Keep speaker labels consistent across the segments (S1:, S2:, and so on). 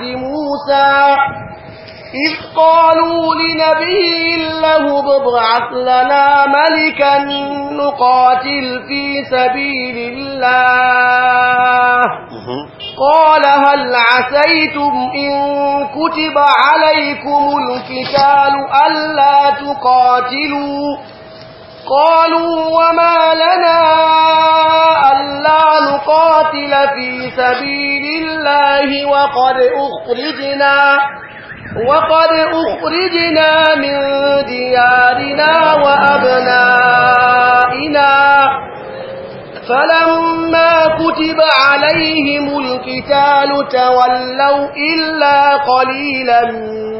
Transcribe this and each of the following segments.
S1: بعد موسى إذ قالوا لنبي له ابعث لنا ملكا نقاتل في سبيل الله قال هل عسيتم إن كتب عليكم الكتال ألا تقاتلوا قالوا وما لنا ألا نقاتل في سبيل الله وقد أخرجنا وقد أخرجنا من ديارنا وأبنائنا فلما كتب عليهم القتال تولوا إلا قليلا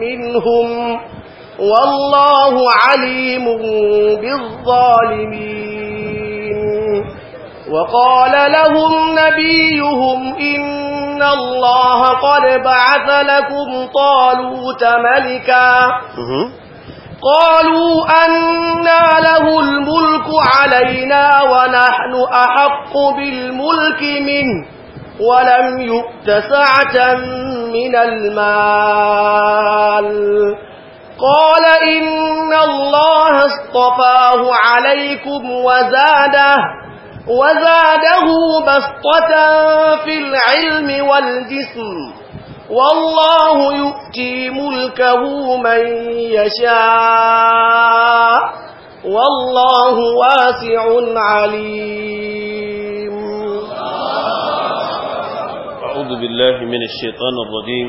S1: منهم والله عليم بالظالمين وقال لهم نبيهم إن الله قد بعث لكم طالوت ملكا قالوا أنا له الملك علينا ونحن أحق بالملك منه ولم يؤت سعة من المال قال إن الله اصطفاه عليكم وزاده وزاده بسطة في العلم والجسم والله يؤتي ملكه من يشاء والله واسع عليم
S2: أعوذ بالله من الشيطان الرجيم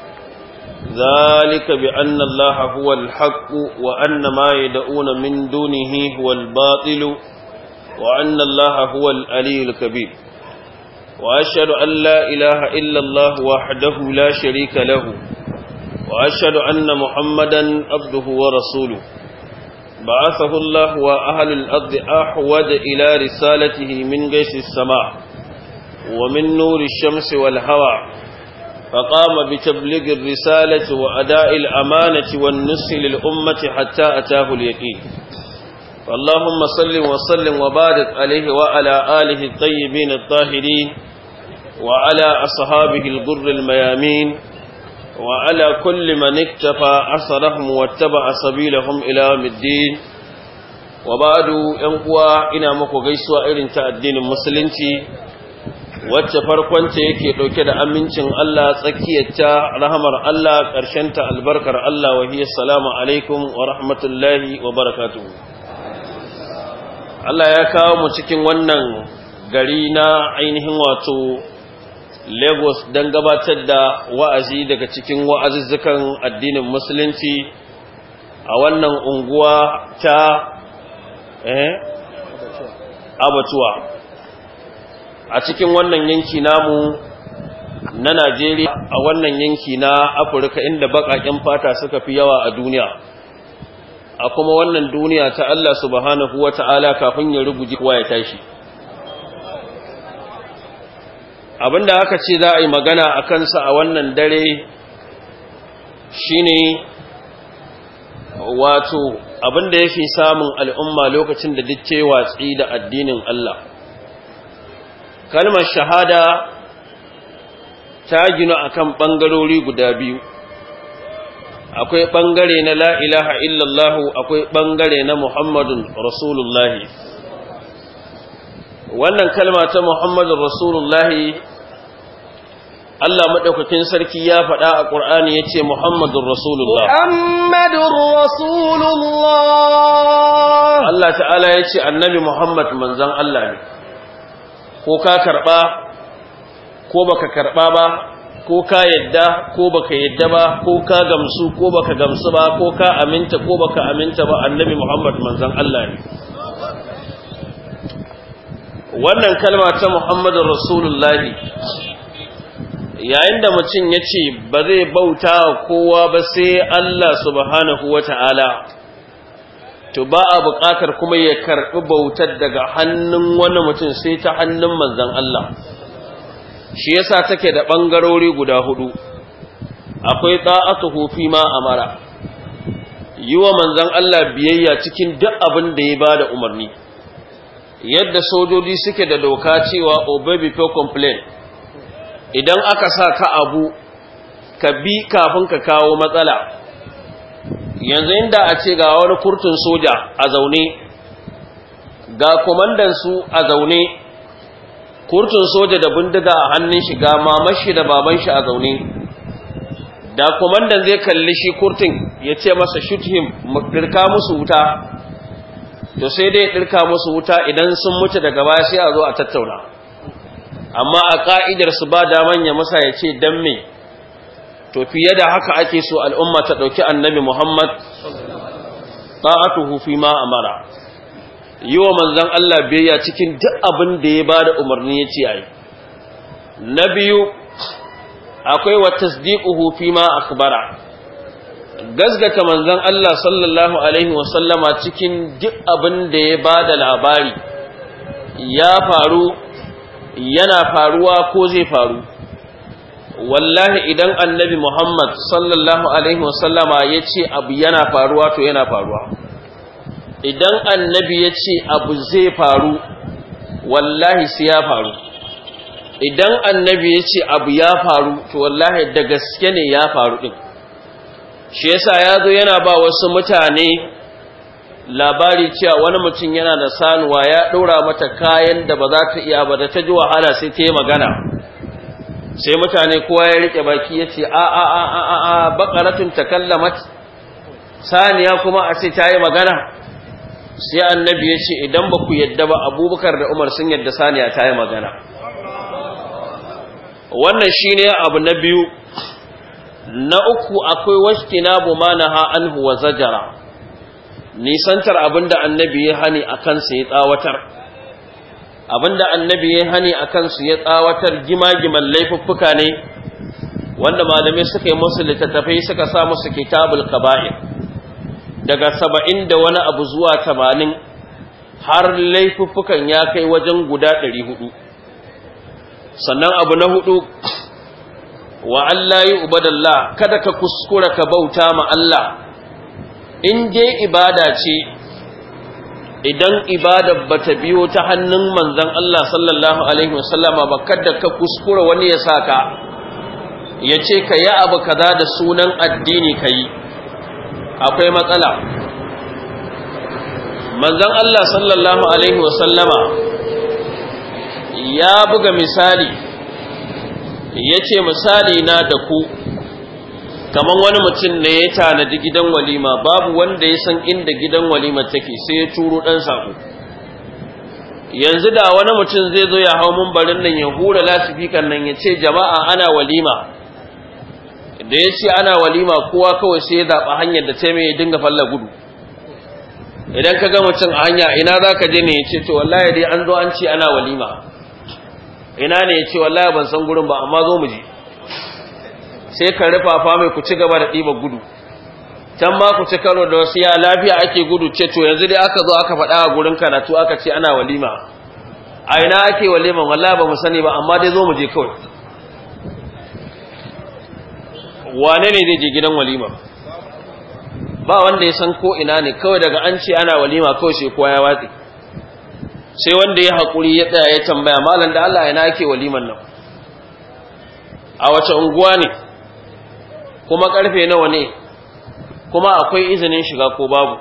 S2: ذلك بأن الله هو الحق وأن ما يدعون من دونه هو الباطل وأن الله هو الألي الكبير وأشهد أن لا إله إلا الله وحده لا شريك له وأشهد أن محمدا عبده ورسوله بعثه الله وأهل الأرض أحود إلى رسالته من جيش السماء ومن نور الشمس والهواء فقام بتبليغ الرسالة وأداء الأمانة والنصح للأمة حتى أتاه اليقين فاللهم صل وسلم وبارك عليه وعلى آله الطيبين الطاهرين وعلى أصحابه الغر الميامين وعلى كل من اكتفى أثرهم واتبع سبيلهم إلى يوم الدين وبعد أنقوى إنا مكو غيسوا إلين تأدين المسلمين wacce farkon ce yake dauke da amincin Allah tsakiyarta rahamar Allah ta albarkar Allah wa hiya assalamu alaikum wa rahmatullahi wa barakatuhu Allah ya kawo mu cikin wannan gari na ainihin wato Lagos don gabatar da wa'azi daga cikin wa'azizzukan addinin musulunci a wannan unguwa ta eh abatuwa a cikin wannan yanki namu na Najeriya a wannan yanki na Afirka inda baƙaƙen fata suka fi yawa a duniya a kuma wannan duniya ta Allah subhanahu ta'ala kafin ya rubuji kowa ya tashi abinda aka ce za a yi magana a kansa a wannan dare shine wato abinda ya fi samun al'umma lokacin da duk watsi da addinin Allah kalmar shahada ta ginu akan ɓangarori guda biyu akwai ɓangare na la ilaha illallahu akwai ɓangare na muhammadun rasulullahi wannan kalma ta muhammadun rasulullahi Allah maɗaukakin sarki ya faɗa a qur'ani ya ce Muhammadun Rasulullah.
S1: Muhammadun Rasulullah.
S2: Allah ta'ala ya ce annabi Muhammad manzan Allah ne. ko ka karɓa ko baka karɓa ba ko ka yadda ko baka yadda ba ko ka gamsu ko baka gamsu ba ko ka aminta ko baka aminta ba annabi Muhammad manzan Allah ne wannan kalma ta Muhammadur Rasulullahi yayin da mutum yace ba zai bauta kowa ba sai Allah subhanahu wataala to ba a buƙatar kuma ya karɓi bautar daga hannun wani mutum sai ta hannun manzan Allah shi yasa take da ɓangarori guda hudu akwai ta'atuhu fi ma amara yi wa manzan Allah biyayya cikin duk abin da ya bada umarni yadda sojoji suke da doka cewa obey before complain idan aka sa ka abu ka bi kafin ka kawo matsala yanzu inda a ce ga wani kurtun soja a zaune ga komandansu a zaune kurtun soja da bindiga a hannun shi ga mamashi da baban shi a zaune da kwamandan zai kalli shi kurtun ya ce masa shoot him ɗirka musu wuta to sai dai dirka musu wuta idan sun mutu daga baya sai a zo a tattauna amma a ƙa'idar su ba daman ya masa ya ce dan me to fiye da haka ake so al'umma ta ɗauki annabi Muhammad ta'atuhu fi ma amara yi wa manzon Allah biyayya cikin duk abin da ya bada umarni ya ci yayi na biyu akwai wa tasdiquhu fi ma akhbara gazgata manzon Allah sallallahu alaihi wa sallama cikin duk abin da ya ba da labari ya faru yana faruwa ko zai faru wallahi idan annabi Muhammad sallallahu alaihi wasallama ya ce abu yana faruwa to yana faruwa idan annabi ya ce abu zai faru wallahi sai ya faru idan annabi ya ce abu ya faru to wallahi da gaske ne ya faru din shi yasa ya zo yana ba wasu mutane labari cewa wani mutum yana da sanuwa ya ɗora mata kayan da ba za ta iya ba da ta ji wahala sai ta yi magana sai mutane kowa ya rike baki ya ce a a a a a bakaratun takallamat saniya kuma a ce ta yi magana sai annabi ya ce idan ba ku yadda ba abubakar da umar sun yadda saniya ta yi magana wannan shi ne abu na biyu na uku akwai waski na ha anhu wa zajara nisantar abin da annabi ya hani a kansa ya tsawatar abinda annabi ya hani a kansu ya tsawatar gima-giman laifuffuka ne wanda malamai suka yi musu littattafai suka sa musu kitabul kaba'ir daga saba'in da wani abu zuwa tamanin har laifuffukan ya kai wajen guda ɗari hudu sannan abu na hudu wa Allah yi ubadallah kada ka kuskura ka bauta ma Allah in dai ibada ce idan ibada bata biyo ta hannun manzan Allah sallallahu alaihi wasallama ba kada ka kuskura wani ya ka, ya ce ka yi abu kaza da sunan addini ka yi akwai matsala Manzan Allah sallallahu alaihi wasallama ya buga misali ya ce misali na da ku kamar wani mutum ne ya tanadi gidan walima babu wanda ya san inda gidan walima take sai ya turo dan sako yanzu da wani mutum zai zo ya hau mumbarin nan ya hura lasifikan nan ya ce jama'a ana walima da ya ce ana walima kowa kawai sai ya zaɓa hanyar da ta mai ya dinga falla gudu idan ka ga mutum a hanya ina za ka je ne ya ce to wallahi dai an zo an ce ana walima ina ne ya ce wallahi ban san gurin ba amma zo mu je sai ka rufafa mai ku ci gaba da ɗiba gudu can ma ku ci karo da wasu ya lafiya ake gudu ce to yanzu dai aka zo aka faɗa a gurin karatu aka ce ana walima a ina ake walima wallahi ba mu sani ba amma dai zo mu je kawai wane ne zai je gidan walima ba wanda ya san ko ina ne kawai daga an ce ana walima kawai shi kowa ya watsi sai wanda ya haƙuri ya tsaya ya tambaya malam da Allah ina ake waliman nan a wace unguwa ne kuma karfe nawa ne kuma akwai izinin shiga ko babu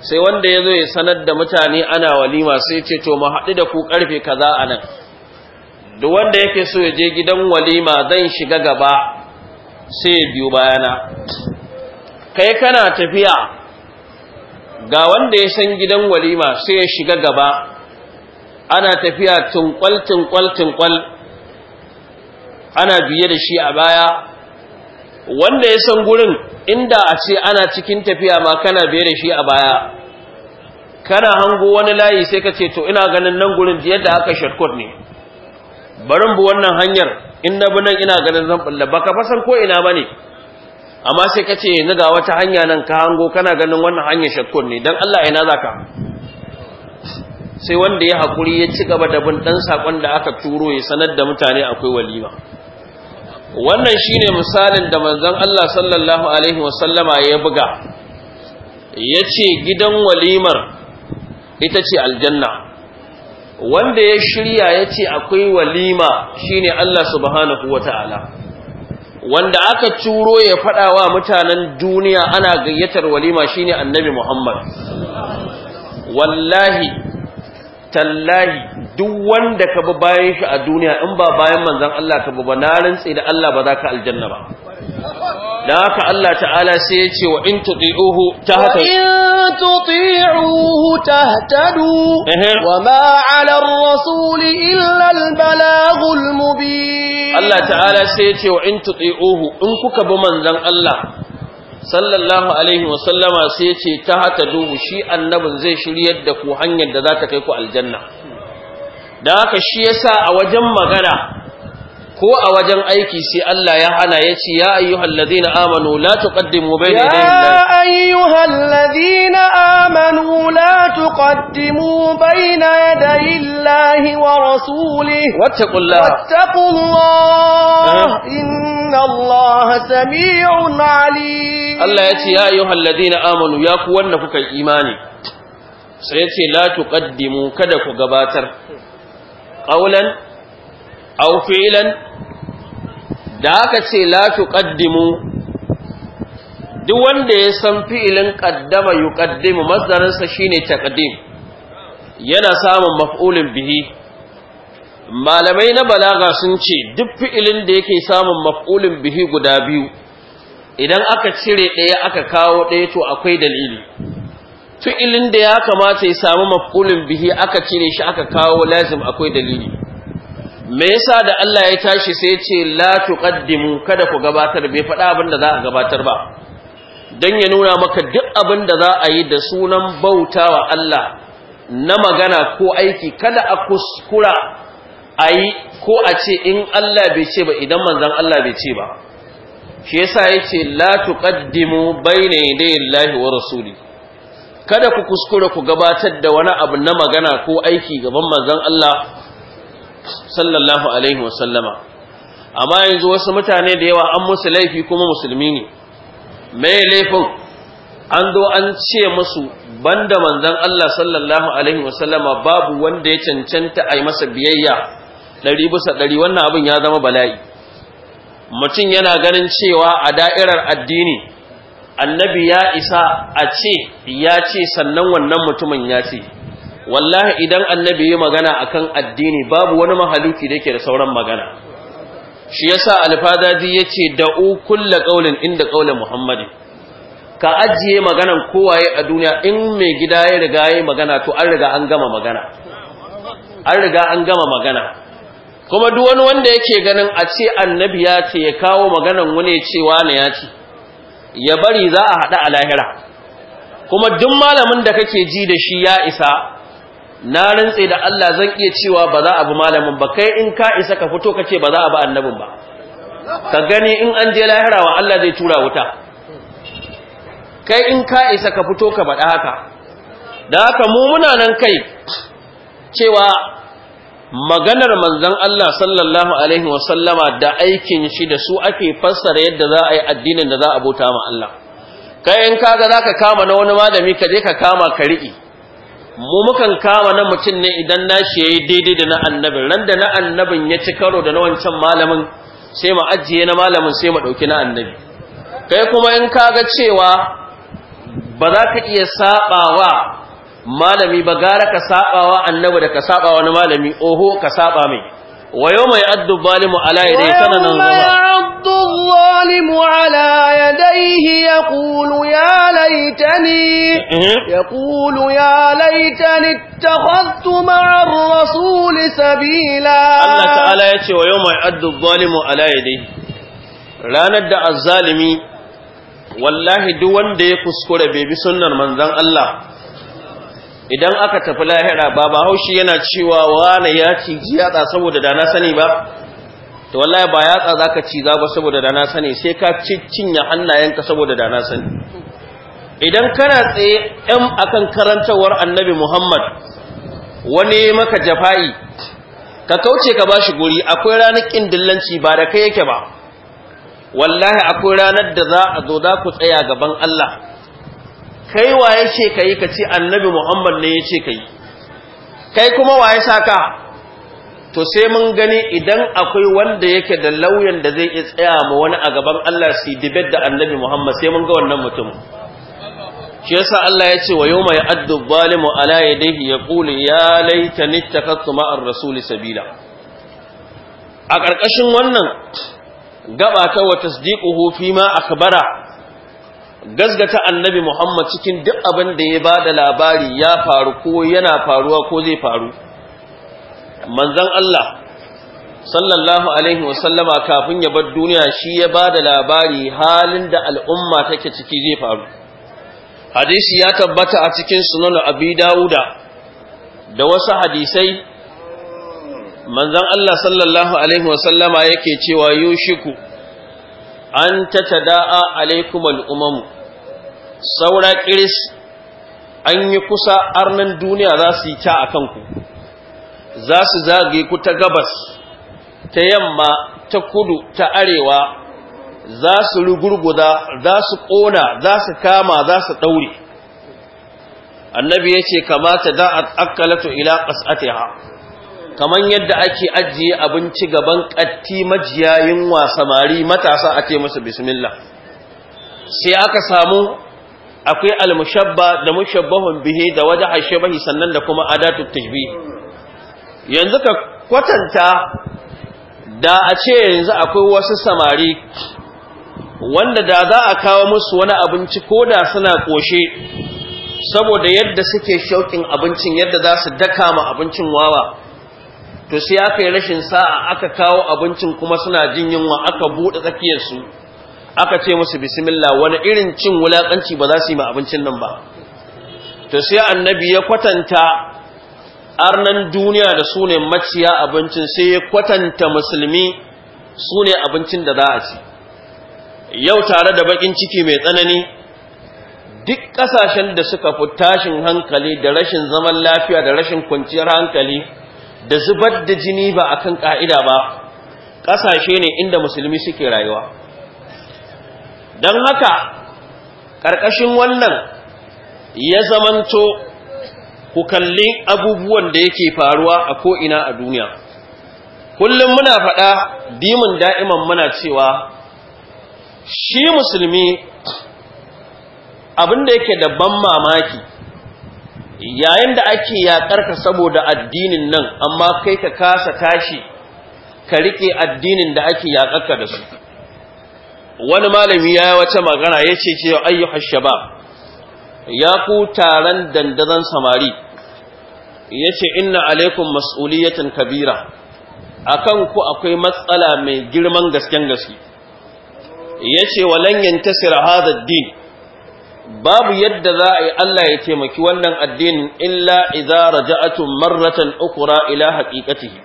S2: sai wanda ya zo ya sanar da mutane ana walima sai ce to mu haɗu da ku karfe kaza a nan duk wanda yake so ya je gidan walima zan shiga gaba sai ya biyo bayana kai kana tafiya ga wanda ya san gidan walima sai ya shiga gaba ana tafiya tunkwal tunkwal tunkwal ana biye da shi a baya wanda ya san gurin inda a ce ana cikin tafiya ma kana biye da shi a baya kana hango wani layi sai ka ce to ina ganin nan gurin yadda aka shortcut ne barin bu wannan hanyar in na nan ina ganin zan balla baka fasan ko ina bane amma sai ka ce ni ga wata hanya nan ka hango kana ganin wannan hanyar shortcut ne dan Allah ina zaka sai wanda ya hakuri ya ci gaba da bin dan sakon da aka turo ya sanar da mutane akwai walima wannan shine misalin da manzon Allah sallallahu alaihi wasallama ya buga yace gidan walimar ita ce aljanna wanda ya shirya yace akwai walima shine Allah subhanahu wataala wanda aka turo ya fada wa mutanen duniya ana gayyatar walima shine annabi Muhammad wallahi tallahi duk wanda ka bi bayan shi a duniya in ba bayan manzan Allah ka bi ba na rantse da Allah ba za ka aljanna ba da haka Allah ta'ala sai ya ce wa in tuti'uhu tahtadu in
S1: tuti'uhu tahtadu wa ma 'ala rasul illa al-balaghul mubin Allah ta'ala
S2: sai ya ce wa in tuti'uhu in kuka bi manzon Allah sallallahu alaihi wasallama sai ce ta hata duhu shi annabin zai shiryar da ku hanyar da za ta kai ku aljanna da haka shi yasa a wajen magana ko a wajen aiki sai Allah ya hana ya ce ya ayyuhal ladina amanu la tuqaddimu bayna yadayi Allah
S1: ya ayyuhal ladina amanu la tuqaddimu bayna yadayi Allah wa rasulihi
S2: wattaqullaha
S1: wattaqullaha eh? inna Allah samii'un alim
S2: Allah ya ce ya ayyuhal ladina amanu ya ku wanda kuka imani sai ya ce la tuqaddimu kada ku gabatar qawlan aw fi'lan da aka ce la tuqaddimu duk wanda ya san fi'ilin qaddama yuqaddimu masdarin sa shine taqdim yana samun maf'ulin bihi malamai na balaga sun ce duk fi'ilin da yake samun maf'ulin bihi guda biyu idan aka cire ɗaya aka kawo ɗaya to akwai dalili fi'ilin da ya kamata ya samu maf'ulin bihi aka cire shi aka kawo lazim akwai dalili me yasa da Allah ya tashi sai ce la tuqaddimu kada ku gabatar bai faɗa abin da za a gabatar ba dan ya nuna maka duk abin da za a yi da sunan bautawa Allah na magana ko aiki kada a kuskura a ko a ce in Allah bai ce ba idan manzon Allah bai ce ba shi yasa yace la tuqaddimu bayna yaday Allah wa rasuli kada ku kuskura ku gabatar da wani abu na magana ko aiki gaban manzon Allah sallallahu alaihi wasallama amma yanzu wasu mutane da yawa an musu laifi kuma musulmi ne mai laifin an zo an ce musu banda manzon Allah sallallahu alaihi wasallama babu wanda ya cancanta a masa biyayya ɗari bisa ɗari wannan abin ya zama bala'i mutum yana ganin cewa a da'irar addini annabi ya isa a ce ya ce sannan wannan mutumin ya ce wallahi idan annabi ya magana akan addini babu wani mahaluki da yake da sauran magana shi yasa alfadadi yace da'u kulla qaulin inda qaulin Muhammadu. ka ajiye maganan kowaye a duniya in mai gida ya riga yayi magana to an riga an gama magana an riga an gama magana kuma duk wani wanda yake ganin a ce annabi ya ce ya kawo maganan wani cewa ne ya ce ya bari za a haɗa a lahira kuma duk malamin da kake ji da shi ya isa na rantse da Allah zan iya cewa ba za a bi malamin ba kai in ka isa ka fito kace ba za a bi annabin ba ka gani in an je lahira wa Allah zai tura wuta kai in ka isa ka fito ka bada haka da haka mu muna nan kai cewa maganar manzon Allah sallallahu alaihi wasallama da aikin shi da su ake fassara yadda za a yi addinin da za a bauta ma Allah kai in kaga zaka kama na wani malami ka je ka kama ka riƙe mu mukan kama na mutum ne idan na shi yayi daidai da na annabin ran da na annabin ya ci karo da na wancan malamin sai mu ajiye na malamin sai mu ɗauki na annabi kai kuma in ka ga cewa ba za ka iya sabawa malami ba gara ka sabawa annabi da ka sabawa na malami oho ka saba mai ويوم يعد الظالم على يديه سننا ويوم
S1: يعد الظالم على يديه يقول يا ليتني
S2: يقول
S1: يا ليتني اتخذت مع الرسول سبيلا
S2: الله تعالى يتي ويوم يعد الظالم على يديه ranar da azzalimi wallahi duk wanda ya kuskure bai bi sunnar manzon Allah idan aka tafi lahira ba ba haushi yana cewa wane ya ci yatsa saboda da na sani ba to wallahi ba yatsa zaka ciza ba saboda da na sani sai ka cinye hannayenka saboda da na sani idan kana tsaye 'yan akan karantawar annabi Muhammad wani maka jafa'i ka kauce ka bashi guri akwai ranar kin dillanci ba da kai yake ba wallahi akwai ranar da za a zo za ku tsaya gaban Allah kai wa ya ce ka ka ce annabi muhammad ne ya ce ka kai kuma wa ya sa ka to sai mun gani idan akwai wanda yake da lauyan da zai iya tsaya ma wani a gaban allah su dibet da annabi muhammad sai mun ga wannan mutum shi yasa Allah ya ce wa yau mai addu zalimu ala yadayhi ya qulu ya laitani takattu ma'ar rasul sabila a ƙarƙashin wannan gaba ta wa tasdiquhu fi ma akhbara gazgata annabi Muhammad cikin duk abin da ya ba da labari ya faru ko yana faruwa ko zai faru manzan Allah sallallahu alaihi wasallama kafin ya bar duniya shi ya ba da labari halin da al'umma take ciki zai faru hadisi ya tabbata a cikin sunan abi dawuda da wasu hadisai manzan Allah sallallahu alaihi wasallama yake cewa yushiku an ta tada'a alaikum al'umam saura kiris an yi kusa arnan duniya za su yi ta a kanku za su zage ku ta gabas ta yamma ta kudu ta arewa za su rugurguza za su ƙona za su kama za su ɗaure annabi ya ce kamata da a akkalatu ila ƙasatiha kamar yadda ake ajiye abinci gaban ƙatti majiyayin samari matasa a ce musu bismillah sai aka samu akwai almushabba da mushabbahun bihe da waje shabahi sannan da kuma adatu tajbi yanzu ka kwatanta da a ce yanzu akwai wasu samari wanda da za a kawo musu wani abinci ko da suna ƙoshe saboda yadda suke shauƙin abincin yadda za su daka ma abincin wawa to sai aka yi rashin sa'a aka kawo abincin kuma suna jin yunwa aka buɗe tsakiyarsu aka ce musu bismillah wani irin cin wulaƙanci ba za su yi ma abincin nan ba to sai annabi ya kwatanta arnan duniya da su ne maciya abincin sai ya kwatanta musulmi sune abincin da za a ci yau tare da baƙin ciki mai tsanani duk ƙasashen da suka fi tashin hankali da rashin zaman lafiya da rashin kwanciyar hankali da zubar da jini ba a kan ƙa'ida ba ƙasashe ne inda musulmi suke rayuwa don haka ƙarƙashin wannan ya zamanto ku kalli abubuwan da yake faruwa a ko'ina a duniya kullum muna faɗa dimin da'iman muna cewa shi musulmi abinda yake da ban mamaki yayin da ake yaƙarka saboda addinin nan amma kai ka kasa tashi ka rike addinin da ake yakarka da su wani malami ya yi wata magana ya ce ce ayyuhar ba. ya ku taron dandazon samari ya ce inna alaikum mas'uliyatin kabira A kanku akwai matsala mai girman gasken gaske ya ce walan yantasir hadha din babu yadda za a yi Allah ya taimaki wannan addinin illa idza raja'atum marratan ukra ila haqiqatihi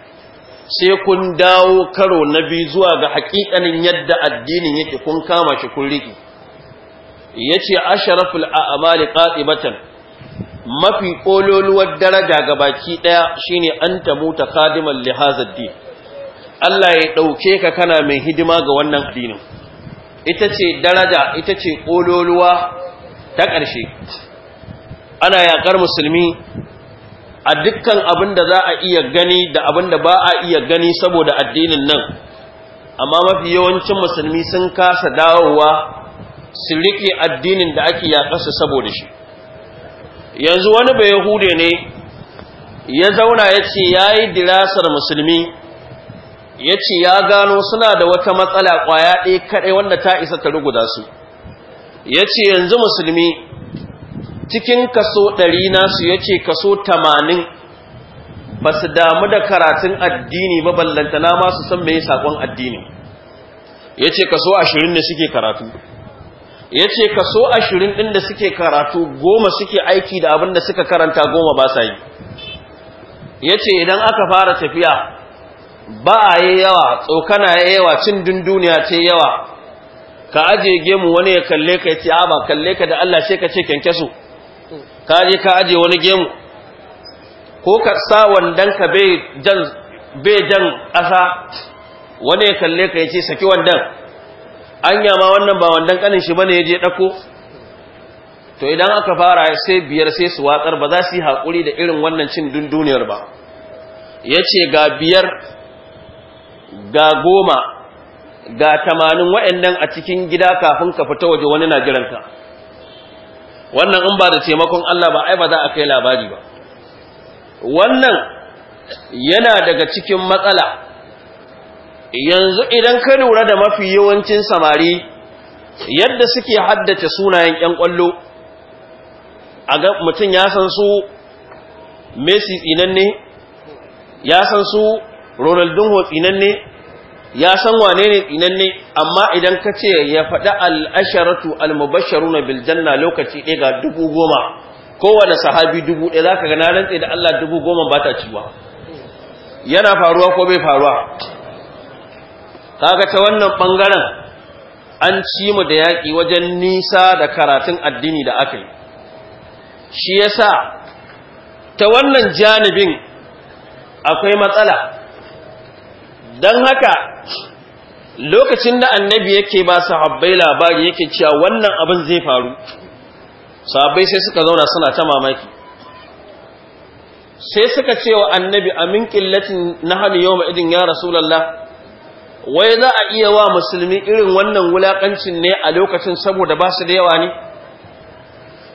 S2: sai kun dawo karo na biyu zuwa ga haƙiƙanin yadda addinin yake kun kama shi kun riƙe yace asharaful a'mali qatibatan mafi kololuwar daraja ga baki daya shine an muta khadiman li din Allah ya dauke ka kana mai hidima ga wannan addinin ita ce daraja ita ce kololuwa ta ƙarshe ana yaƙar musulmi a dukkan abin da za a iya gani da abin da ba a iya gani saboda addinin nan amma mafi yawancin musulmi sun kasa dawowa su riƙe addinin da ake yaƙarsa saboda shi yanzu wani bai yahude ne ya zauna ya ce ya yi dirasar musulmi ya ce ya gano suna da wata matsala ƙwaya ɗaya kaɗai wanda ta isa ta ruguda su ya ce yanzu musulmi cikin kaso ɗari nasu ya ce kaso tamanin ba su damu da karatun addini ba na ma su san mai saƙon addini ya ce kaso ashirin da suke karatu ya ce kaso ashirin ɗin da suke karatu goma suke aiki da abin da suka karanta goma ba sa yi ya ce idan aka fara tafiya ba a yi yawa tsokana ya yawa cin dunduniya ce yawa ka aje gemu wani ya kalle ka ya ce a ba kalle ka da Allah sai ka ce kyankyaso ka je ka aje wani gemu ko ka sa wandan ka bai jan bai jan ƙasa wani ya kalle ka ya ce saki wandan anya ma wannan ba wandan kanin shi bane ya je dako to idan aka fara sai biyar sai su watsar ba za su yi hakuri da irin wannan cin dunduniyar ba ya ce ga biyar ga goma ga tamanin nan a cikin gida kafin ka fita waje wani na jiranta wannan in ba da taimakon Allah ba ai ba za a kai labari ba wannan yana daga cikin matsala yanzu idan ka lura da mafi yawancin samari yadda suke haddace sunayen 'yan ƙwallo a ga mutum ya san su messi tsinanne ya san su ronaldinho tsinanne ya san wane ne tsinanne amma idan ka ce ya faɗi al'asharatu al-mubasharu na biljanna lokaci ɗaya ga dubu goma kowane sahabi dubu ɗaya za ka na rantse da Allah dubu goma ba ta ciwa yana faruwa ko bai faruwa kaga ta wannan bangaren an ci mu da yaƙi wajen nisa da karatun addini da aka yi shi yasa ta wannan janibin akwai matsala don haka lokacin da annabi yake ba sahabbai labari yake cewa wannan abin zai faru sahabbai sai suka zauna suna ta mamaki sai suka ce wa annabi amin killatin hali yau idin ya lalla, wai za a iya wa musulmi irin wannan wulakancin ne a lokacin saboda ba su da yawa ne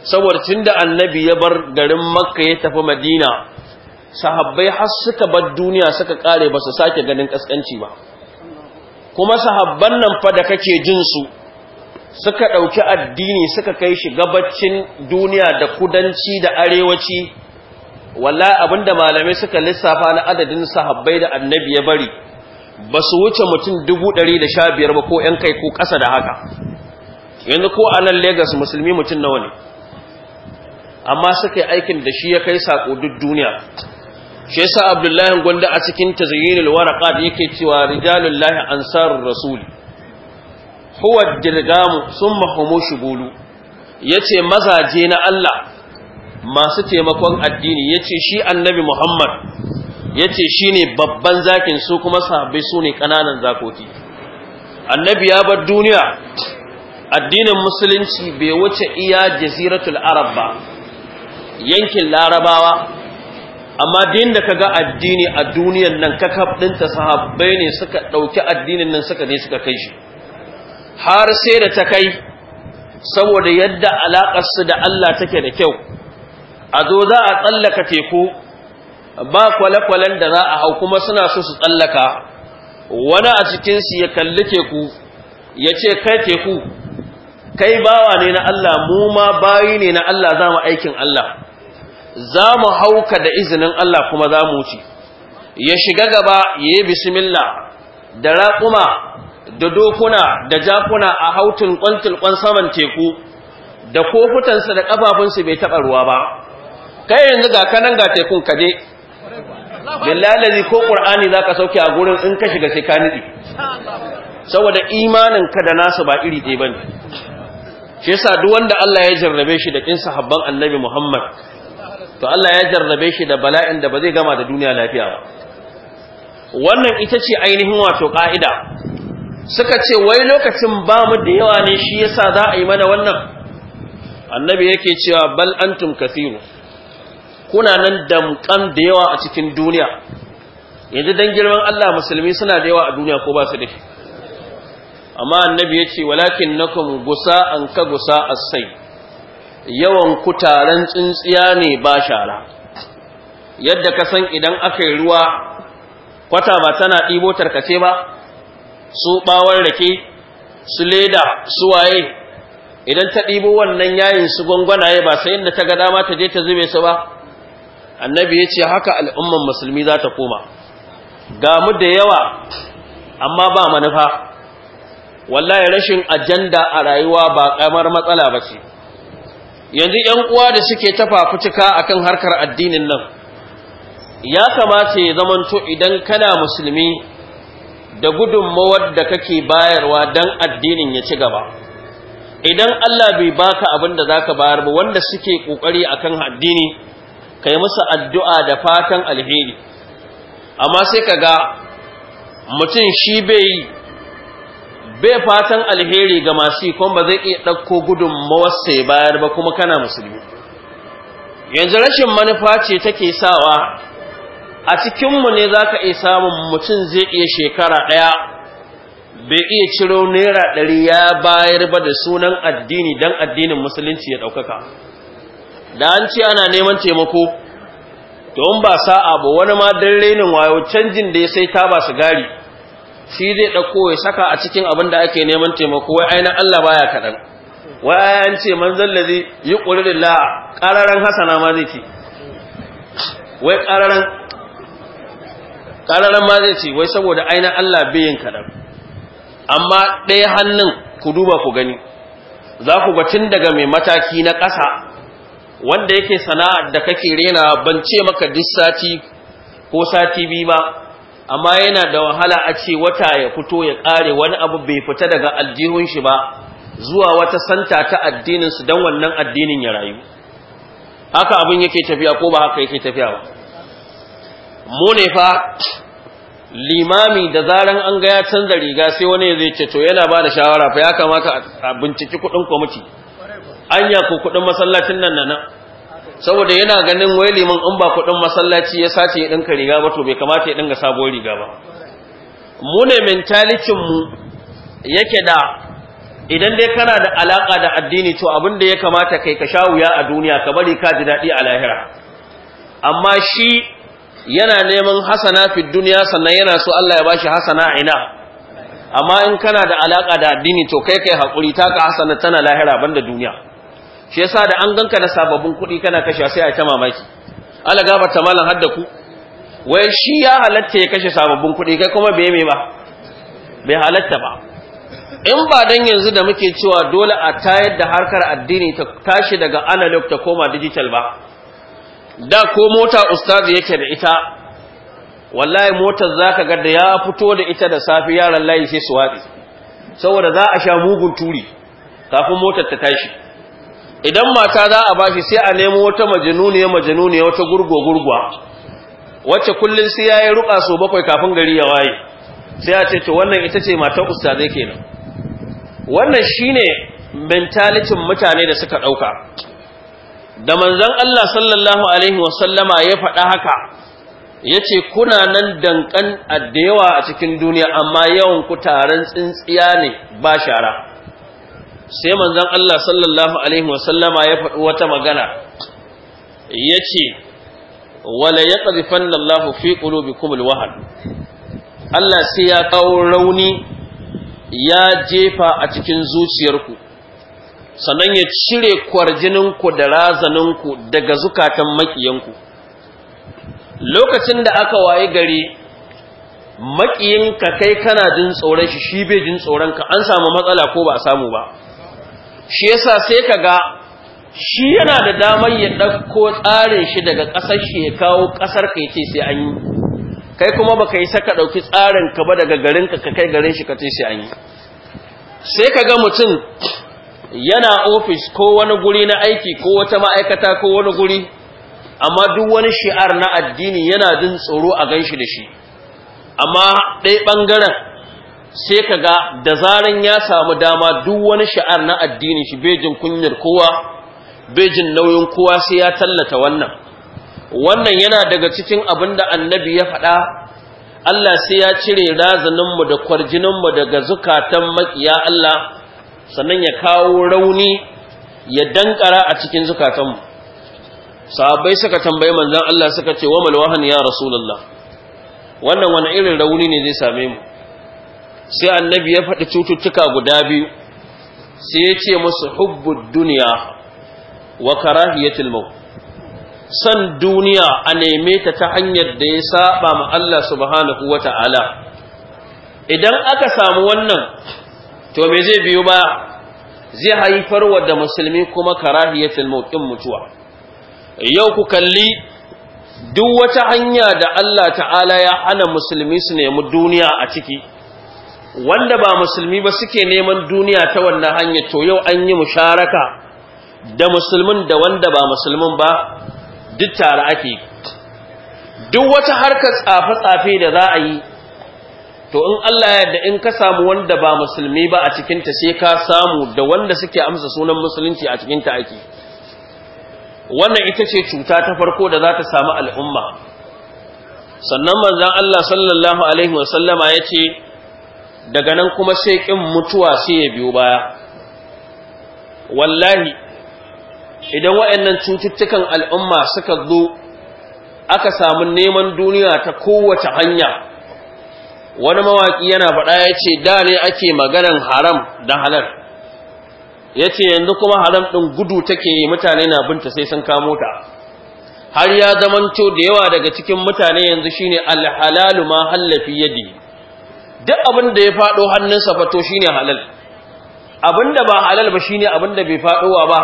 S2: saboda da annabi ya bar garin makka ya tafi madina sahabbai har suka bar duniya suka kare ba su sake ganin kaskanci ba kuma sahabban nan fa da kake jin su suka ɗauki addini suka kai shi gabacin duniya da kudanci da arewaci wallahi abinda malamai suka lissafa na adadin sahabbai da annabi ya bari ba su wuce mutum dubu ɗari da sha biyar ba ko ‘yan kai ko ƙasa da haka yanzu ko a nan Legas musulmi mutum nawa ne amma suka yi aikin da shi ya kai sako duk duniya shi yasa abdullahi gunda a cikin tazayyinul waraqat yake cewa rijalul lahi ansarur rasul huwa dirgamu summa humushu bulu yace mazaje na Allah masu taimakon addini yace shi annabi Muhammad yace shine babban zakin su kuma sahabbai sune kananan zakoti annabi ya bar duniya addinin musulunci bai wuce iya jaziratul arab ba yankin larabawa amma din da kaga addini a duniyan nan kakab ɗinta sahabbai ne suka ɗauki addinin nan suka ne suka kai shi har sai da ta kai saboda yadda su da Allah take da kyau a zo za a tsallaka teku ba kwale-kwalen da za a hau kuma suna so su tsallaka wani a cikinsu ya kalli teku ya ce kai teku kai bawa ne na Allah mu ma bayi ne na Allah za mu aikin Allah za mu hauka da izinin Allah kuma za mu wuce ya shiga gaba ya yi bismillah da raƙuma da dokuna da jakuna a hautun ƙwantilƙwan saman teku da kofutansa da ƙafafunsu bai taɓa ruwa ba kai yanzu ga kanan ga tekun kaje billahi ko qur'ani ka sauke a gurin in ka shiga sai ka saboda imanin ka da nasu ba iri ɗaya bane shi yasa duk wanda Allah ya jarrabe shi da kin sahabban annabi Muhammad to Allah ya jarrabe shi da bala'in da ba zai gama da duniya lafiya ba wannan ita ce ainihin wato ka'ida suka ce wai lokacin ba mu da yawa ne shi yasa za a yi mana wannan annabi yake cewa bal antum kathiru kuna nan damkan da yawa a cikin duniya yanzu dan girman Allah musulmi suna da yawa a duniya ko ba su da shi amma annabi yace walakin nakum gusa an ka gusa as-sayy yawan kutaren tsintsiya ne ba shara yadda ka san idan aka yi ruwa kwata ba tana ɗibo tarkace ba su ɓawar rake su leda su waye idan ta ɗibo wannan yayin su gwangwanaye ba sai inda ta ga dama ta je ta zube su ba annabi ya ce haka al'umman musulmi za ta koma ga mu da yawa amma ba manufa wallahi rashin ajanda a rayuwa ba kamar matsala ba ce yanzu ‘yan uwa da suke tafa a kan harkar addinin nan ya kamata ya zamanto idan kana musulmi da gudunmawar da kake bayarwa don addinin ya ci gaba idan Allah bai baka abin da za ka bayar ba wanda suke ƙoƙari a kan addini ka yi musu addu'a da fatan alheri amma sai ka ga mutum shi bai yi. bai fatan alheri ga masu yi kuma ba zai iya ɗauko gudun mawarsa ya bayar ba kuma kana musulmi yanzu rashin manufa ce take sawa a cikinmu ne za ka iya samun mutum zai iya shekara ɗaya bai iya ciro naira ɗari ya bayar ba da sunan addini don addinin musulunci ya ɗaukaka da an ce ana neman taimako to in ba sa'a ba wani ma don renin wayo canjin da ya sai ta ba su gari shi zai ɗauko ya saka a cikin abin da ake neman taimako wai ainihin Allah baya kaɗan wai an ce manzan da zai yi ƙuririn la ƙararren hasana ma zai ce wai ƙararren ma zai ce wai saboda ainihin Allah biyin kaɗan amma ɗaya hannun ku duba ku gani za ku ga tun daga mai mataki na ƙasa wanda yake sana'ar da kake rena ban ce maka duk sati ko sati biyu ba amma yana da wahala a ce wata ya fito ya ƙare wani abu bai fita daga aljihun shi ba zuwa wata santa ta addinin su don wannan addinin ya rayu haka abin yake tafiya ko ba haka yake tafiya ba mu ne fa limami da zaran an ga ya canza riga sai wani ya zai ce to yana ba da shawara fa ya kamata a binciki kuɗin kwamiti anya ko kuɗin masallacin nan nan saboda yana ganin wai liman in ba kuɗin masallaci ya sace ya ɗinka riga ba to bai kamata ya ɗinka sabuwar riga ba mu ne mu yake da idan dai kana da alaƙa da addini to abin da ya kamata kai ka sha wuya a duniya ka bari ka ji daɗi a lahira amma shi yana neman hasana fi duniya sannan yana so Allah ya bashi hasana ina amma in kana da alaƙa da addini to kai kai haƙuri taka hasana tana lahira banda duniya shi yasa da an ganka da sababbin kuɗi kana kashe sai a ta mamaki Allah gaba ta malan hadda ku wai shi ya halatta ya kashe sababbin kuɗi kai kuma bai mai ba bai halatta ba in ba dan yanzu da muke cewa dole a tayar da harkar addini ta tashi daga analog ta koma digital ba da ko mota ustazi yake da ita wallahi motar zaka ga da ya fito da ita da safi yaran layi sai su waɗi saboda za a sha mugun turi kafin motar ta tashi idan mata za a bashi sai a nemo wata majanuniya majanuniya wata gurgo gurgwa wacce kullun sai yayi ruka so bakwai kafin gari ya waye sai a ce to wannan ita ce matar ustazai kenan wannan shine mentalitin mutane da suka dauka da manzon Allah sallallahu alaihi wasallama ya faɗa haka yace kuna nan dankan addewa a cikin duniya amma yawan ku taron tsintsiya ne ba shara sai manzon Allah sallallahu alaihi wasallama ya faɗi wata magana Ya yace wala yaqdhifanna Allah fi qulubikum wahal Allah sai ya kawo rauni ya jefa a cikin zuciyarku sannan ya cire kwarjininku da razaninku daga zukatan maƙiyanku. lokacin da aka waye gari maƙiyinka kai kana jin tsoron shi shi bai jin tsoronka an samu matsala ko ba a samu ba shi yasa sai kaga shi yana da damar ya ɗauko tsarin shi daga ƙasar shi ya kawo ƙasar ka ce sai an yi kai kuma baka yi saka ɗauki tsarin ka ba daga garin ka ka kai garin shi ka ce sai an yi sai kaga mutum yana ofis ko wani guri na aiki ko wata ma'aikata ko wani guri amma duk wani shi'ar na addini yana jin tsoro a gan shi da shi amma ɗaya ɓangaren sai ka ga da zaran ya samu dama duk wani sha'ar na addinin shi bejin kunyar kowa bejin nauyin kowa sai ya tallata wannan wannan yana daga cikin abin da annabi ya faɗa Allah sai ya cire razaninmu da kwarjininmu daga zukatan makiya Allah sannan ya kawo rauni ya dankara a cikin zukatanmu sahabbai suka tambayi manzon Allah suka ce wa mal wahan ya rasulullah wannan wani irin rauni ne zai same mu sai annabi ya faɗi cututtuka guda biyu sai ya ce musu hubbud duniya wa karahiyatul maut san duniya a neme ta ta hanyar da ya saba ma Allah subhanahu wata'ala idan aka samu wannan to me zai biyo ba zai haifar wa da musulmi kuma karahiyatul maut ɗin mutuwa yau ku kalli duk wata hanya da Allah ta'ala ya hana musulmi su nemi duniya a ciki wanda ba musulmi ba suke neman duniya ta wannan hanya to yau an yi musharaka da musulmin da wanda ba musulmin ba duk tare ake duk wata harkar tsafe-tsafe da za a yi to in Allah ya da in ka samu wanda ba musulmi ba a cikinta sai ka samu da wanda suke amsa sunan musulunci a cikinta ake wannan ita ce cuta ta farko da za ta samu al'umma sannan manzan Allah sallallahu Alaihi wasallama ya ce daga nan kuma sai ƙin mutuwa sai ya biyo baya wallahi idan waɗannan cututtukan al'umma suka zo aka samu neman duniya ta kowace hanya wani mawaƙi yana faɗa ya ce da ne ake maganan haram da halar ya ce yanzu kuma haram ɗin gudu take yi mutane na binta sai sun kamo ta har ya zamanto da yawa daga cikin mutane yanzu shine alhalalu ma hallafi yadi duk abin da ya faɗo hannunsa fa to shine halal abin da ba halal ba shine abin da bai wa ba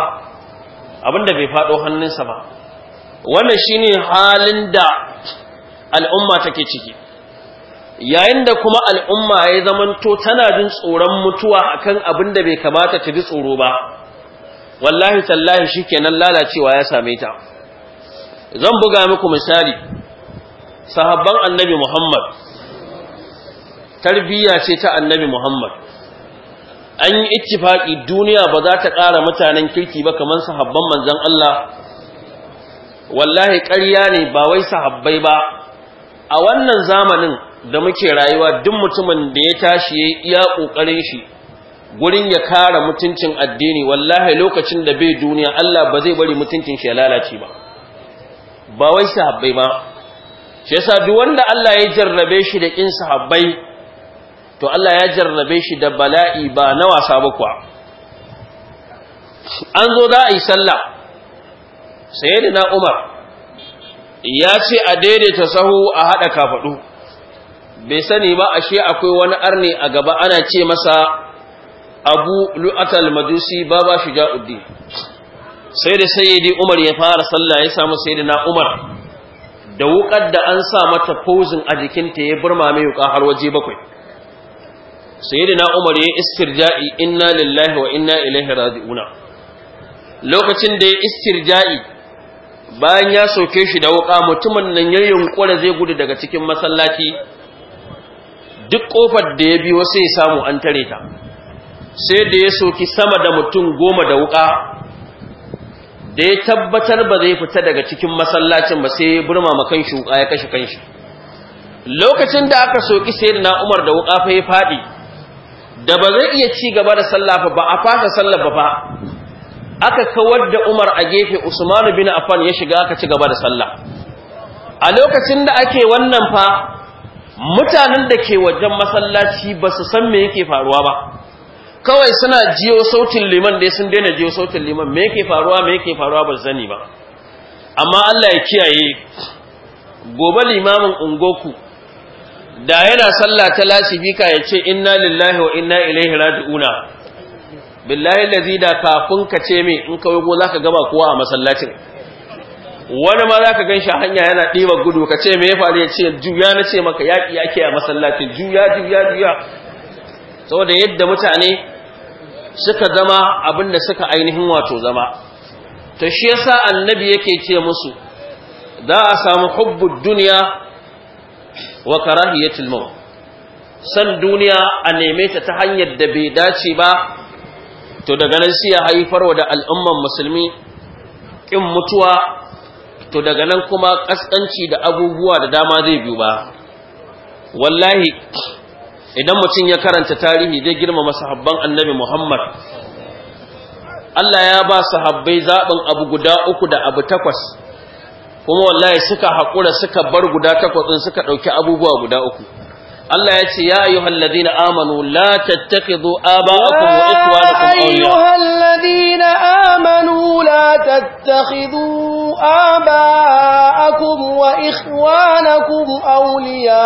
S2: abin da bai faɗo hannunsa ba wannan shine halin da al'umma take ciki yayin da kuma al'umma ya zamanto tana jin tsoron mutuwa akan abin da bai kamata ta ji tsoro ba wallahi tallahi shikenan lalacewa ya same ta zan buga muku misali sahabban annabi Muhammad tarbiyya ce ta annabi Muhammad an yi ittifaki duniya ba za ta ƙara mutanen kirki ba kamar sahabban manzon Allah wallahi ƙarya ne ba wai sahabbai ba a wannan zamanin da muke rayuwa duk mutumin da ya tashi ya iya ƙoƙarin shi gurin ya kare mutuncin addini wallahi lokacin da bai duniya Allah ba zai bari mutuncin shi ya lalace ba ba wai sahabbai ba shi yasa duk wanda Allah ya jarrabe shi da kin sahabbai to Allah ya jarrabe shi da bala'i ba na wasa ba kuwa an zo za a yi sallah sayyidina Umar ya ce a daidaita sahu a haɗa kafaɗu. bai sani ba ashe akwai wani arni a gaba ana ce masa Abu Lu'atal Majusi baba Shuja'uddin sai da sayyidi Umar ya fara sallah ya samu sayyidina Umar da wukar da an sa mata fozin a jikinta ya burma mai yuka har waje bakwai sayyidina umar ya istirja'i inna lillahi wa inna ilaihi raji'una lokacin da ya istirja'i bayan ya soke shi da wuka mutumin nan ya yunkura zai gudu daga cikin masallaci duk kofar da ya bi wasu ya samu an tare ta sai da ya soki sama da mutum goma da wuka da ya tabbatar ba zai fita daga cikin masallacin ba sai ya burma makan shi wuka ya kashe kanshi lokacin da aka soki sai umar da wuka fa ya faɗi da ba zai iya ci gaba da sallah ba a fasa sallah ba fa aka kawar da Umar a gefe Usman bin Affan ya shiga aka ci gaba da sallah a lokacin da ake wannan fa mutanen da ke wajen masallaci ba su san me yake faruwa ba kawai suna jiyo sautin liman dai sun daina jiyo sautin liman me yake faruwa me yake faruwa ba zani ba amma Allah ya kiyaye gobe limamin ungoku da yana sallah ta lasifika ya ce inna lillahi wa inna ilaihi raji'una billahi allazi da kafin ka ce me in kawai ko zaka gaba kowa a masallacin wani ma zaka ganshi hanya yana ɗiba gudu ka ce me ya faru ya ce juya na ce maka yaƙi yake a masallacin juya juya juya saboda yadda mutane suka zama abinda suka ainihin wato zama to shi yasa annabi yake ce musu za a samu hubbud duniya wa karahiyatul maut san duniya a neme ta ta hanyar da bai dace ba to daga nan siya ya haifarwa da al'umman musulmi kin mutuwa to daga nan kuma kaskanci da abubuwa da dama zai biyu ba wallahi idan mutum ya karanta tarihi zai girmama sahabban annabi Muhammad Allah ya ba sahabbai zaɓin abu guda uku da abu takwas kuma wallahi suka haƙura suka bar guda takwasin suka ɗauki abubuwa guda uku Allah ya ce ya ayyuhal ladina amanu la tattakhidhu aba'akum wa ikhwanakum awliya ya
S1: ayyuhal ladina amanu la tattakhidhu aba'akum wa ikhwanakum awliya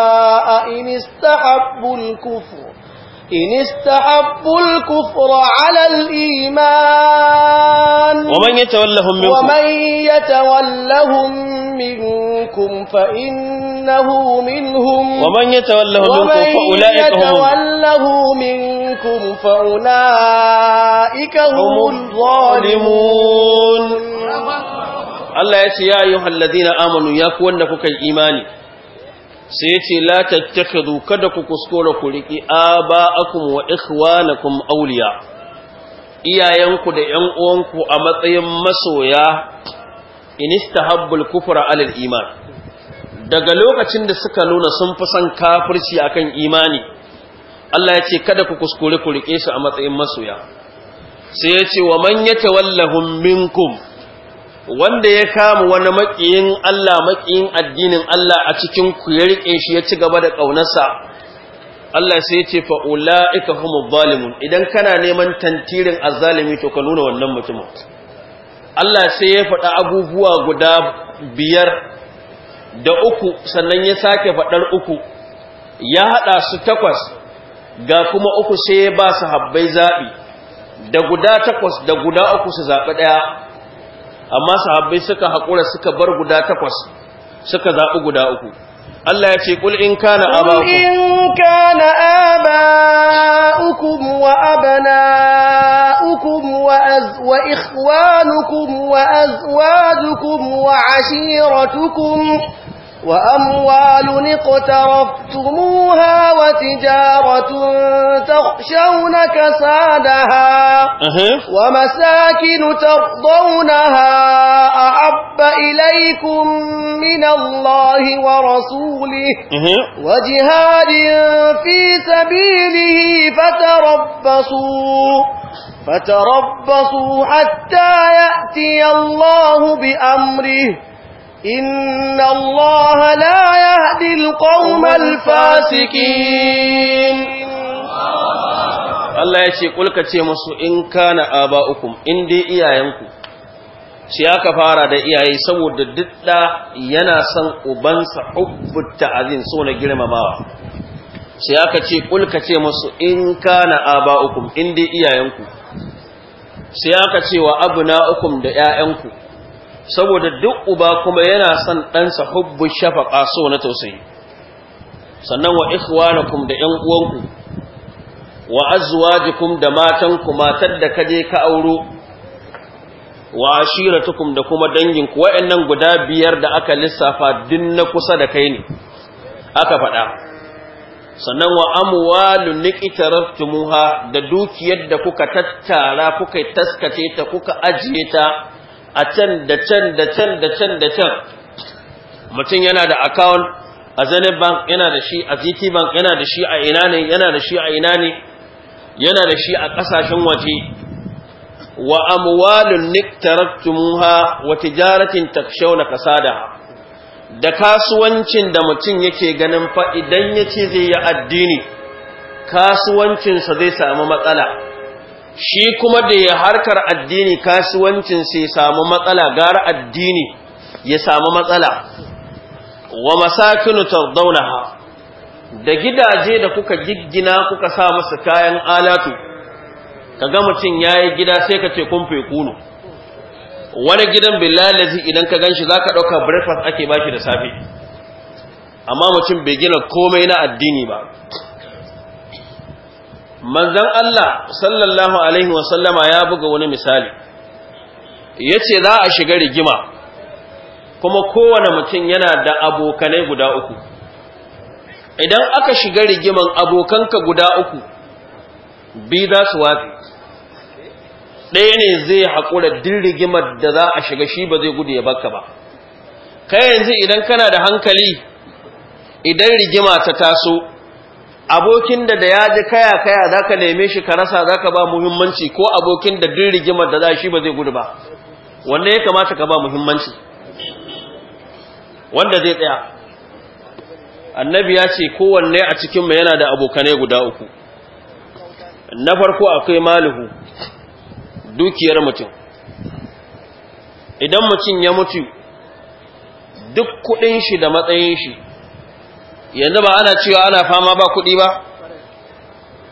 S1: in istahabbu al-kufr إن استحبوا الكفر على الإيمان ومن يتولهم منكم ومن يتولهم منكم فإنه منهم ومن يتوله منكم فأولئك هم الظالمون
S2: Allah ya ce ya ayyuhal ladina amanu ya ku wanda kuka yi imani sai ya ce la ku kuskura ku riki aba'akum wa ikhwanakum iyayenku da 'yan uwanku a matsayin masoya inistahabbul kufra alal iman daga lokacin da suka nuna sun fi san kafirci akan imani Allah ya ce kada ku kuskure ku rike su a matsayin masoya sai ya ce wa man yatawallahum minkum wanda ya kama wani makiyin Allah makiyin addinin Allah a cikin ku ya rike shi ya ci gaba da kaunarsa Allah sai ya ce fa ulaika humu zalimun idan kana neman tantirin azzalimi to ka nuna wannan mutumin Allah sai ya faɗa abubuwa guda biyar da uku sannan ya sake faɗar uku ya haɗa su takwas ga kuma uku sai ya ba su habbai zaɓi da guda takwas da guda uku su zaɓi ɗaya amma su habbai suka haƙura suka bar guda takwas suka zaɓi guda uku Allah ya ce ƙul in kana
S1: aba'ukum وإخوانكم وأزواجكم وعشيرتكم وأموال اقترفتموها وتجارة تخشون كسادها ومساكن ترضونها أحب إليكم من الله ورسوله وجهاد في سبيله فتربصوا فتربصوا حتى يأتي الله بأمره إن الله لا يهدي القوم الفاسقين
S2: Allah yace, ce kulka ce musu in kana aba'ukum in dai iyayenku shi aka fara da iyaye saboda didda yana son ubansa hubbu ta'zin so na girmamawa shi ka ce kulka ce musu in kana aba'ukum in dai iyayenku shi aka ce wa abna'ukum da 'ya'yanku. saboda duk uba kuma yana son ɗansa hubbu shafaƙa so na tausayi sannan wa ikhwanakum da ƴan uwanku wa azwajikum da matanku matar da kaje ka auro wa ashiratukum da kuma danginku waɗannan guda biyar da aka lissafa din na kusa da kai ne aka faɗa sannan wa amwalun tumuha da dukiyar da kuka tattara kuka taskace ta kuka ajiye ta a can da can da can da can da can mutum yana da account a Zenith Bank yana da shi a GT Bank yana da shi a ina ne yana da shi a ina ne yana da shi a kasashen waje wa amwalun niktaraktumuha wa tijaratin takshawna Kasada. da kasuwancin da mutum yake ganin fa idan yace zai yi addini kasuwancinsa zai samu matsala shi kuma da ya harkar addini kasuwancin sai samu matsala gara addini ya samu matsala wa masakinu tardaunaha da gidaje da kuka giggina kuka sa masa kayan alatu ka kaga mutum yayi gida sai ka ce kun ne. wani gidan billahi idan ka ganshi zaka dauka breakfast ake bashi da safe amma mutum bai gina komai na addini ba Manzan Allah sallallahu alaihi wasallama ya buga wani misali yace za a shiga rigima kuma kowane mutum yana da abokanai guda uku idan aka shiga rigiman abokanka guda uku bi za su wafi ɗaya ne zai haƙura din rigimar da za a shiga shi ba zai gudu ya baka ba kai yanzu idan kana da hankali idan rigima ta taso abokin da da ya ji kaya kaya za ka neme shi ka rasa za ka ba muhimmanci ko abokin da duri rigimar da za shi ba zai gudu ba wanda ya kamata ka ba muhimmanci wanda zai tsaya annabi ya ce kowanne a cikinmu yana da abokanai guda uku na farko akwai malihu dukiyar mutum idan mutum ya mutu duk kudin shi da matsayin shi yanzu ba ana cewa ana fama ba kuɗi ba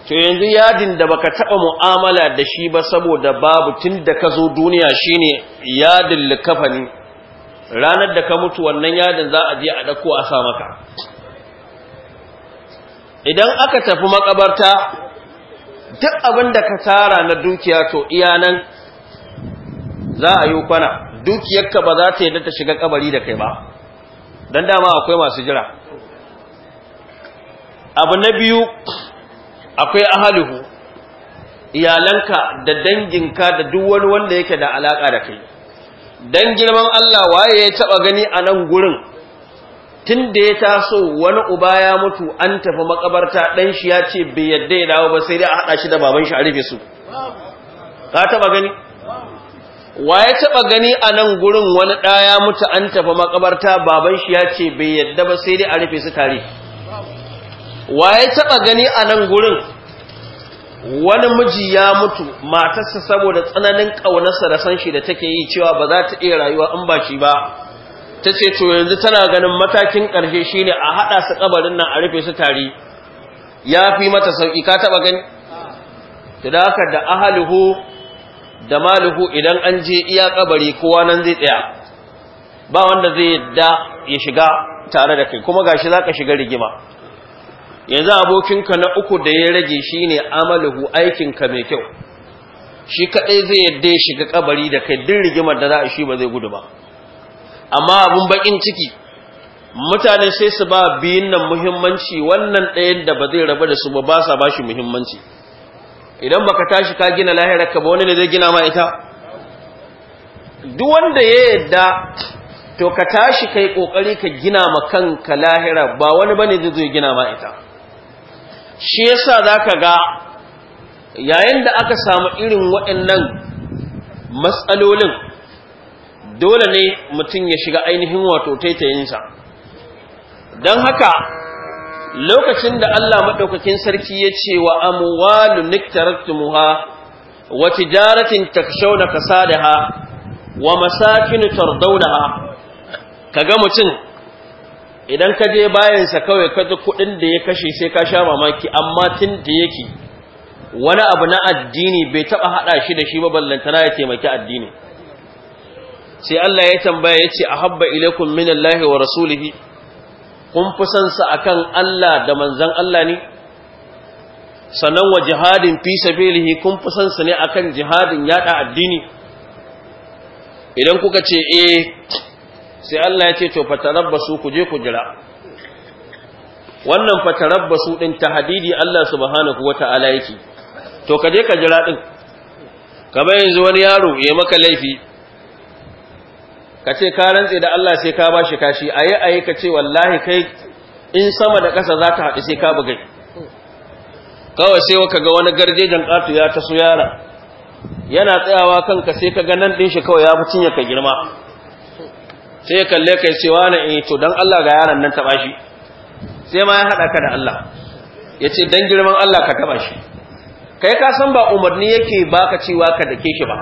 S2: to yanzu yadin da baka taɓa mu'amala da shi ba saboda babu tun da ka zo duniya shine yadin likafani ranar da ka mutu wannan yadin za a je a ɗauko a sa maka idan aka tafi makabarta duk abin da ka tara na dukiya to iyanan za a yi kwana dukiyarka ba za ta yadda ta shiga kabari da kai ba don dama akwai masu jira abu na biyu akwai ahaluhu iyalanka da danginka da duk wani wanda yake da alaka da kai dan girman Allah waye ya taba gani a nan gurin tun da ya taso wani uba ya mutu an tafi makabarta dan shi ya ce bai yadda ya dawo ba sai dai a hada shi da baban shi a rufe su ka taba gani waye taba gani a nan gurin wani ɗaya mutu an tafi makabarta baban shi ya ce bai yadda ba sai dai a rufe su tare wa ya taɓa gani a nan gurin wani miji ya mutu matarsa saboda tsananin ƙaunarsa da san shi da take yi cewa ba za ta iya rayuwa in ba shi ba ta ce to yanzu tana ganin matakin ƙarshe shine a haɗa su kabarin nan a rufe su tare ya fi mata sauki, ka taɓa gani to da haka da ahalihu da malihu idan an je iya kabari kowa nan zai tsaya ba wanda zai yadda ya shiga tare da kai kuma gashi za ka shiga rigima yanzu abokinka na uku da ya rage shi ne amalihu aikinka mai kyau shi kaɗai zai yadda ya shiga kabari da kai din rigimar da za a shi ba zai gudu ba amma abin bakin ciki mutane sai su ba biyun nan muhimmanci wannan ɗayan da ba zai rabu da su ba ba sa ba shi muhimmanci idan baka tashi ka gina lahirar ka ba wani ne zai gina ma ita duk wanda ya yadda to ka tashi kai kokari ka gina ma kanka lahira ba wani bane zai zo gina ma ita shi yasa ka ga yayin da aka samu irin waɗannan matsalolin dole ne mutum ya shiga ainihin wato taitayinsa don haka lokacin da Allah maɗaukakin sarki ya ce wa amwalu niktaraktumuha wa tijaratin takshawna kasadaha wa masakin ka ga mutum idan ka je bayansa kawai ka ji kuɗin da ya kashe sai ka sha mamaki amma tun da yake wani abu na addini bai taɓa haɗa shi da shi ba ballantana ya taimaki addini sai Allah ya tambaya ya ce a habba ilaikun min wa rasulihi kun fi son sa akan Allah da manzan Allah ne sannan wa jihadin fi sabilihi kun fi son sa ne akan jihadin yada addini idan kuka ce eh sai Allah ya ce to fatarabbasu ku je ku jira wannan fatarabbasu din tahdidi Allah subhanahu wata'ala yake to ka je ka jira din kamar yanzu wani yaro ya maka laifi ka ce ka rantse da Allah sai ka bashi kashi ayi ayi ka wallahi kai in sama da ƙasa za ta haɗu sai ka bugai kawai sai waka ga wani garjejen ƙatu ya taso yara yana tsayawa kanka sai ka ga nan ɗin shi kawai ya fi cinye ka girma sai ya kalle kai cewa na eh, in to dan Allah ga yaron nan taba shi sai ma ya hada ka da Allah yace dan girman Allah ka taba shi kai ka san ba umarni yake baka cewa ka dake shi ba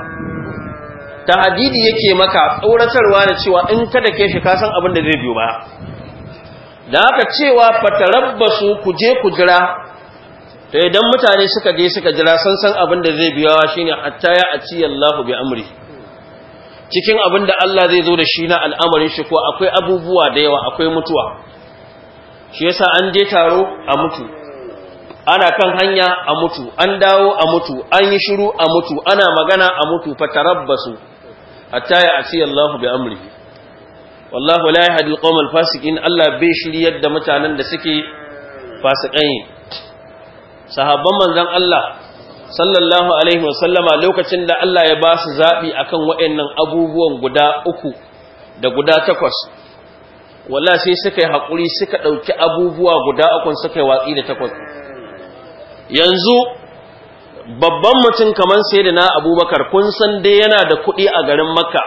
S2: hadidi yake maka tsoratarwa ne cewa in ka dake shi ka san abin da zai biyo ba da haka cewa fatarabbasu ku je ku jira to idan mutane suka je suka jira san san abin da zai biyawa shine hatta ya aci Allahu bi amri cikin abin da Allah zai zo da shi na al'amarin shi ko akwai abubuwa da yawa akwai mutuwa shi yasa an je taro a mutu ana kan hanya a mutu an dawo a mutu an yi shiru a mutu ana magana a mutu fatarabbasu hatta ya asiya Allah bi amri wallahu la yahdi al fasikin Allah bai shiryar da mutanen da suke fasikai sahabban manzon Allah sallallahu alaihi wasallama lokacin da Allah ya ba su zaɓi akan waɗannan abubuwan guda uku da guda takwas wala sai suka yi haƙuri suka ɗauki abubuwa guda ukun suka yi watsi da takwas yanzu babban mutum kamar sai da na abubakar kun san dai yana da kuɗi a garin makka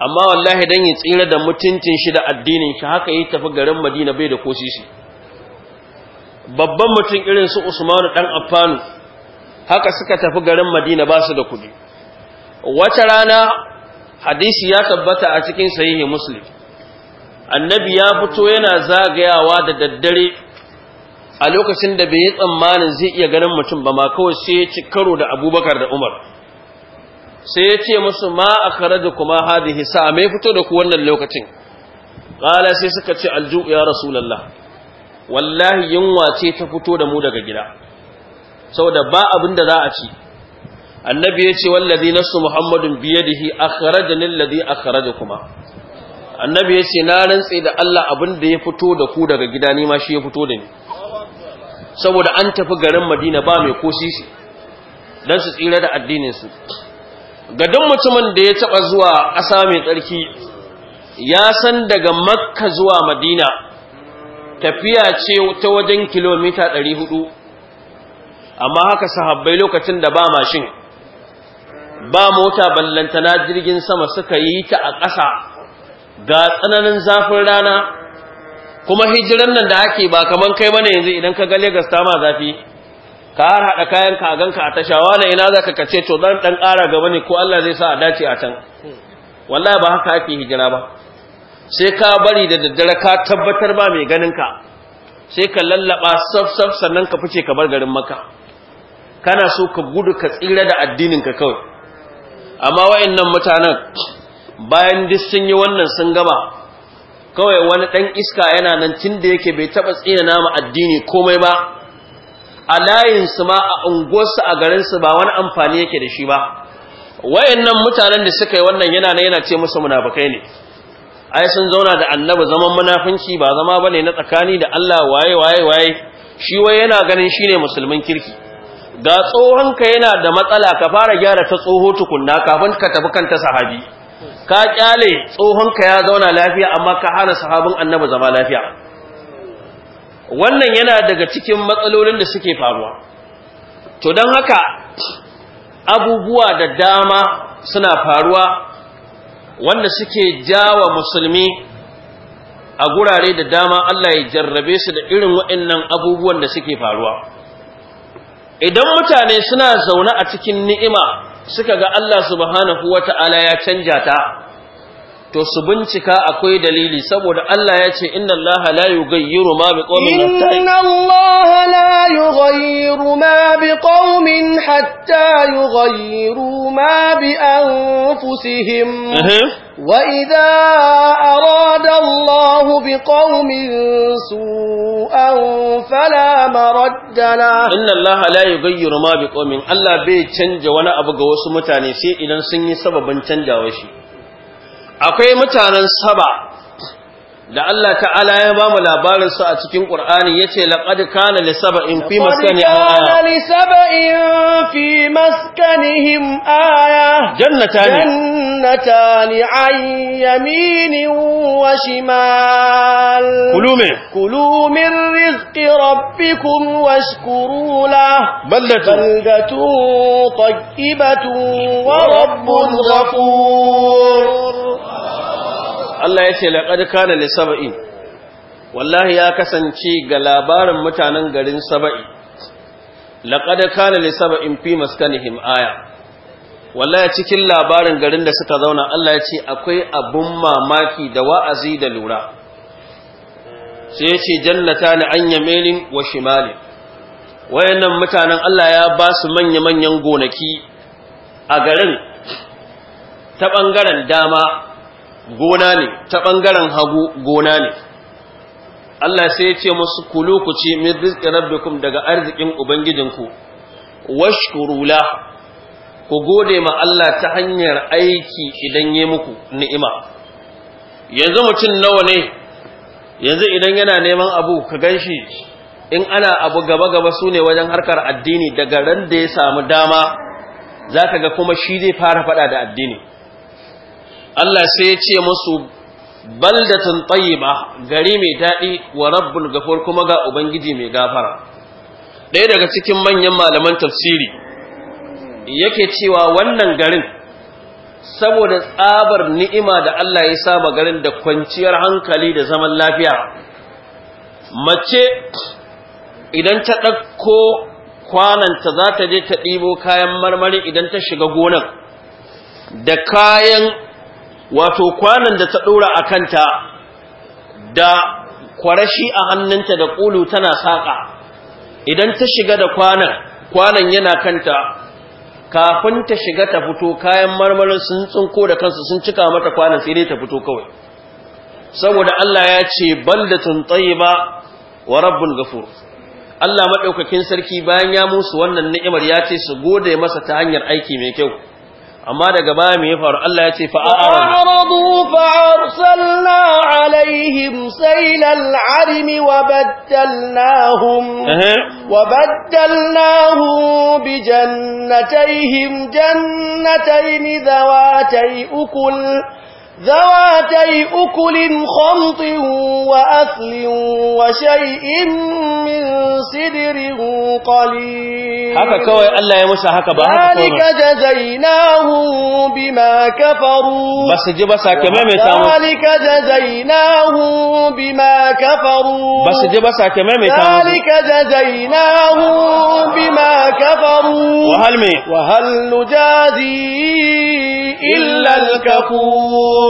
S2: amma wallahi don yi tsira da mutuncin shi da addinin shi haka yi tafi garin madina bai da kosisi babban mutum irin su usmanu ɗan affanu haka suka tafi garin madina ba su da kuɗi wata rana hadisi ya tabbata a cikin sahihi muslim annabi ya fito yana zagayawa da daddare a lokacin da bai yi tsammanin zai iya ganin mutum ba ma kawai sai ya ci karo da abubakar da umar sai ya ce musu ma a kare da kuma hadihi sa mai fito da ku wannan lokacin ƙala sai suka ce alju ya rasulallah wallahi yunwa ce ta fito da mu daga gida saboda ba abin da za a ci annabi ya ce wallazi nasu muhammadun biyadihi akhrajani allazi akhrajakuma annabi ya ce na rantse da Allah abin da ya fito da ku daga gida ni ma shi ya fito da ni saboda an tafi garin Madina ba mai ko sisi dan su tsira da addinin su ga duk mutumin da ya taba zuwa ƙasa mai tsarki ya san daga Makka zuwa Madina tafiya ce ta wajen kilomita 400 amma haka sahabbai lokacin da ba mashin ba mota ballantana jirgin sama suka yi ta a ƙasa ga tsananin zafin rana kuma hijiran nan da ake ba kaman kai bane yanzu idan ka ga Lagos ta zafi ka har hada kayan ka ganka a tashawa na ina zaka kace to dan dan ƙara gaba ne ko Allah zai sa a dace a can wallahi ba haka ake hijira ba sai ka bari da daddare ka tabbatar ba mai ganin ka sai ka lallaba saf saf sannan ka fice ka bar garin maka kana so ka gudu ka tsira da addinin ka kawai amma wayannan mutanen bayan duk sun yi wannan sun gama, kawai wani dan iska yana nan tun da yake bai taɓa tsina nama addini komai ba a layinsu ma a unguwarsu a garinsu ba wani amfani yake da shi ba wayannan mutanen da suka yi wannan yana nan yana ce musu munafukai ne ai sun zauna da annabi zaman munafunci ba zama bane na tsakani da Allah waye waye waye shi wai yana ganin shine musulmin kirki ga tsohonka yana da matsala ka fara gyara ta tsoho tukunna kafin ka tafi kanta sahabi ka kyale tsohonka ya zauna lafiya amma ka hana sahabin annabi zama lafiya wannan yana daga cikin matsalolin da suke faruwa to don haka abubuwa da dama suna faruwa wanda suke jawa musulmi a gurare da dama Allah ya jarrabe su da irin waɗannan abubuwan da suke faruwa idan mutane suna zaune a cikin ni'ima suka ga Allah subhanahu wata'ala ya canja ta to su bincika akwai dalili saboda Allah ya ce inna Allah la yughayyiru ma biqaumin hatta
S1: inna Allah la yughayyiru ma biqaumin hatta yughayyiru ma bi anfusihim وَإِذَا أَرَادَ اللَّهُ بِقَوْمٍ سُوءًا فَلَا مَرَدَّ
S2: لَهُ إِنَّ اللَّهَ لَا يُغَيِّرُ مَا بِقَوْمٍ Allah bai canja wani abu ga wasu mutane sai idan sun yi sababin canjawa shi akwai mutanen saba da Allah ta'ala ya ba mu labarin su a cikin Qur'ani yace laqad kana li sab'in fi maskani aya
S1: li sab'in fi maskanihim aya jannatan Jannatani. an yaminin wa shimal kulu min kulu min rizqi rabbikum washkuru la baldatun tayyibatun wa rabbun ghafur
S2: Allah ya ce laqad kana li wallahi ya kasance ga labarin mutanen garin saba'i laqad kana li sab'in fi maskanihim aya wallahi cikin labarin garin da suka zauna Allah ya ce akwai abun mamaki da wa'azi da lura sai ya ce ni an yamelin wa shimali, wayannan mutanen Allah ya ba su manya-manyan gonaki a garin ta ɓangaren dama gona ne ta ɓangaren hagu gona ne Allah sai ya ce musu kulu ku ci min rizqi rabbikum daga arzikin ubangijinku washkuru la ku gode ma Allah ta hanyar aiki idan yi muku ni'ima yanzu mutum nawa ne yanzu idan yana neman abu ka ganshi in ana abu gaba gaba sune wajen harkar addini daga ran da ya samu dama zaka ga kuma shi zai fara fada da addini Allah sai ya ce musu baldatun tayyiba gari mai daɗi wa rabbul gafur kuma ga ubangiji mai gafara ɗaya daga cikin manyan malaman tafsiri yake cewa wannan garin saboda tsabar ni'ima da Allah ya saba garin da kwanciyar hankali da zaman lafiya mace idan ta ɗauko kwananta za ta je ta ɗibo kayan marmari idan ta shiga gonar da kayan wato kwanan da ta ɗora a kanta da kwarashi a hannunta da ƙulu tana saƙa idan ta shiga da kwanan kwanan yana kanta kafin ta shiga ta fito kayan marmarin sun tsinko da kansu sun cika mata kwanan sai dai ta fito kawai saboda Allah ya ce baldatun ba wa rabbul ghafur Allah madaukakin sarki bayan ya musu wannan ni'imar ya ce su gode masa ta hanyar aiki mai kyau amma daga baya me faru Allah ya ce
S1: fa'aradu alaihim bi ذواتي أكل خمط وأثل وشيء من صدر قليل
S2: هكا كوي ألا يمسى هكا بها ذلك
S1: جزيناهم بما كفروا بس جي بس كمامي تامو ذلك جزيناهم بما كفروا بس جي
S2: بس كمامي تامو
S1: ذلك جزيناهم بما كفروا وهل مي وهل نجازي إلا الكفور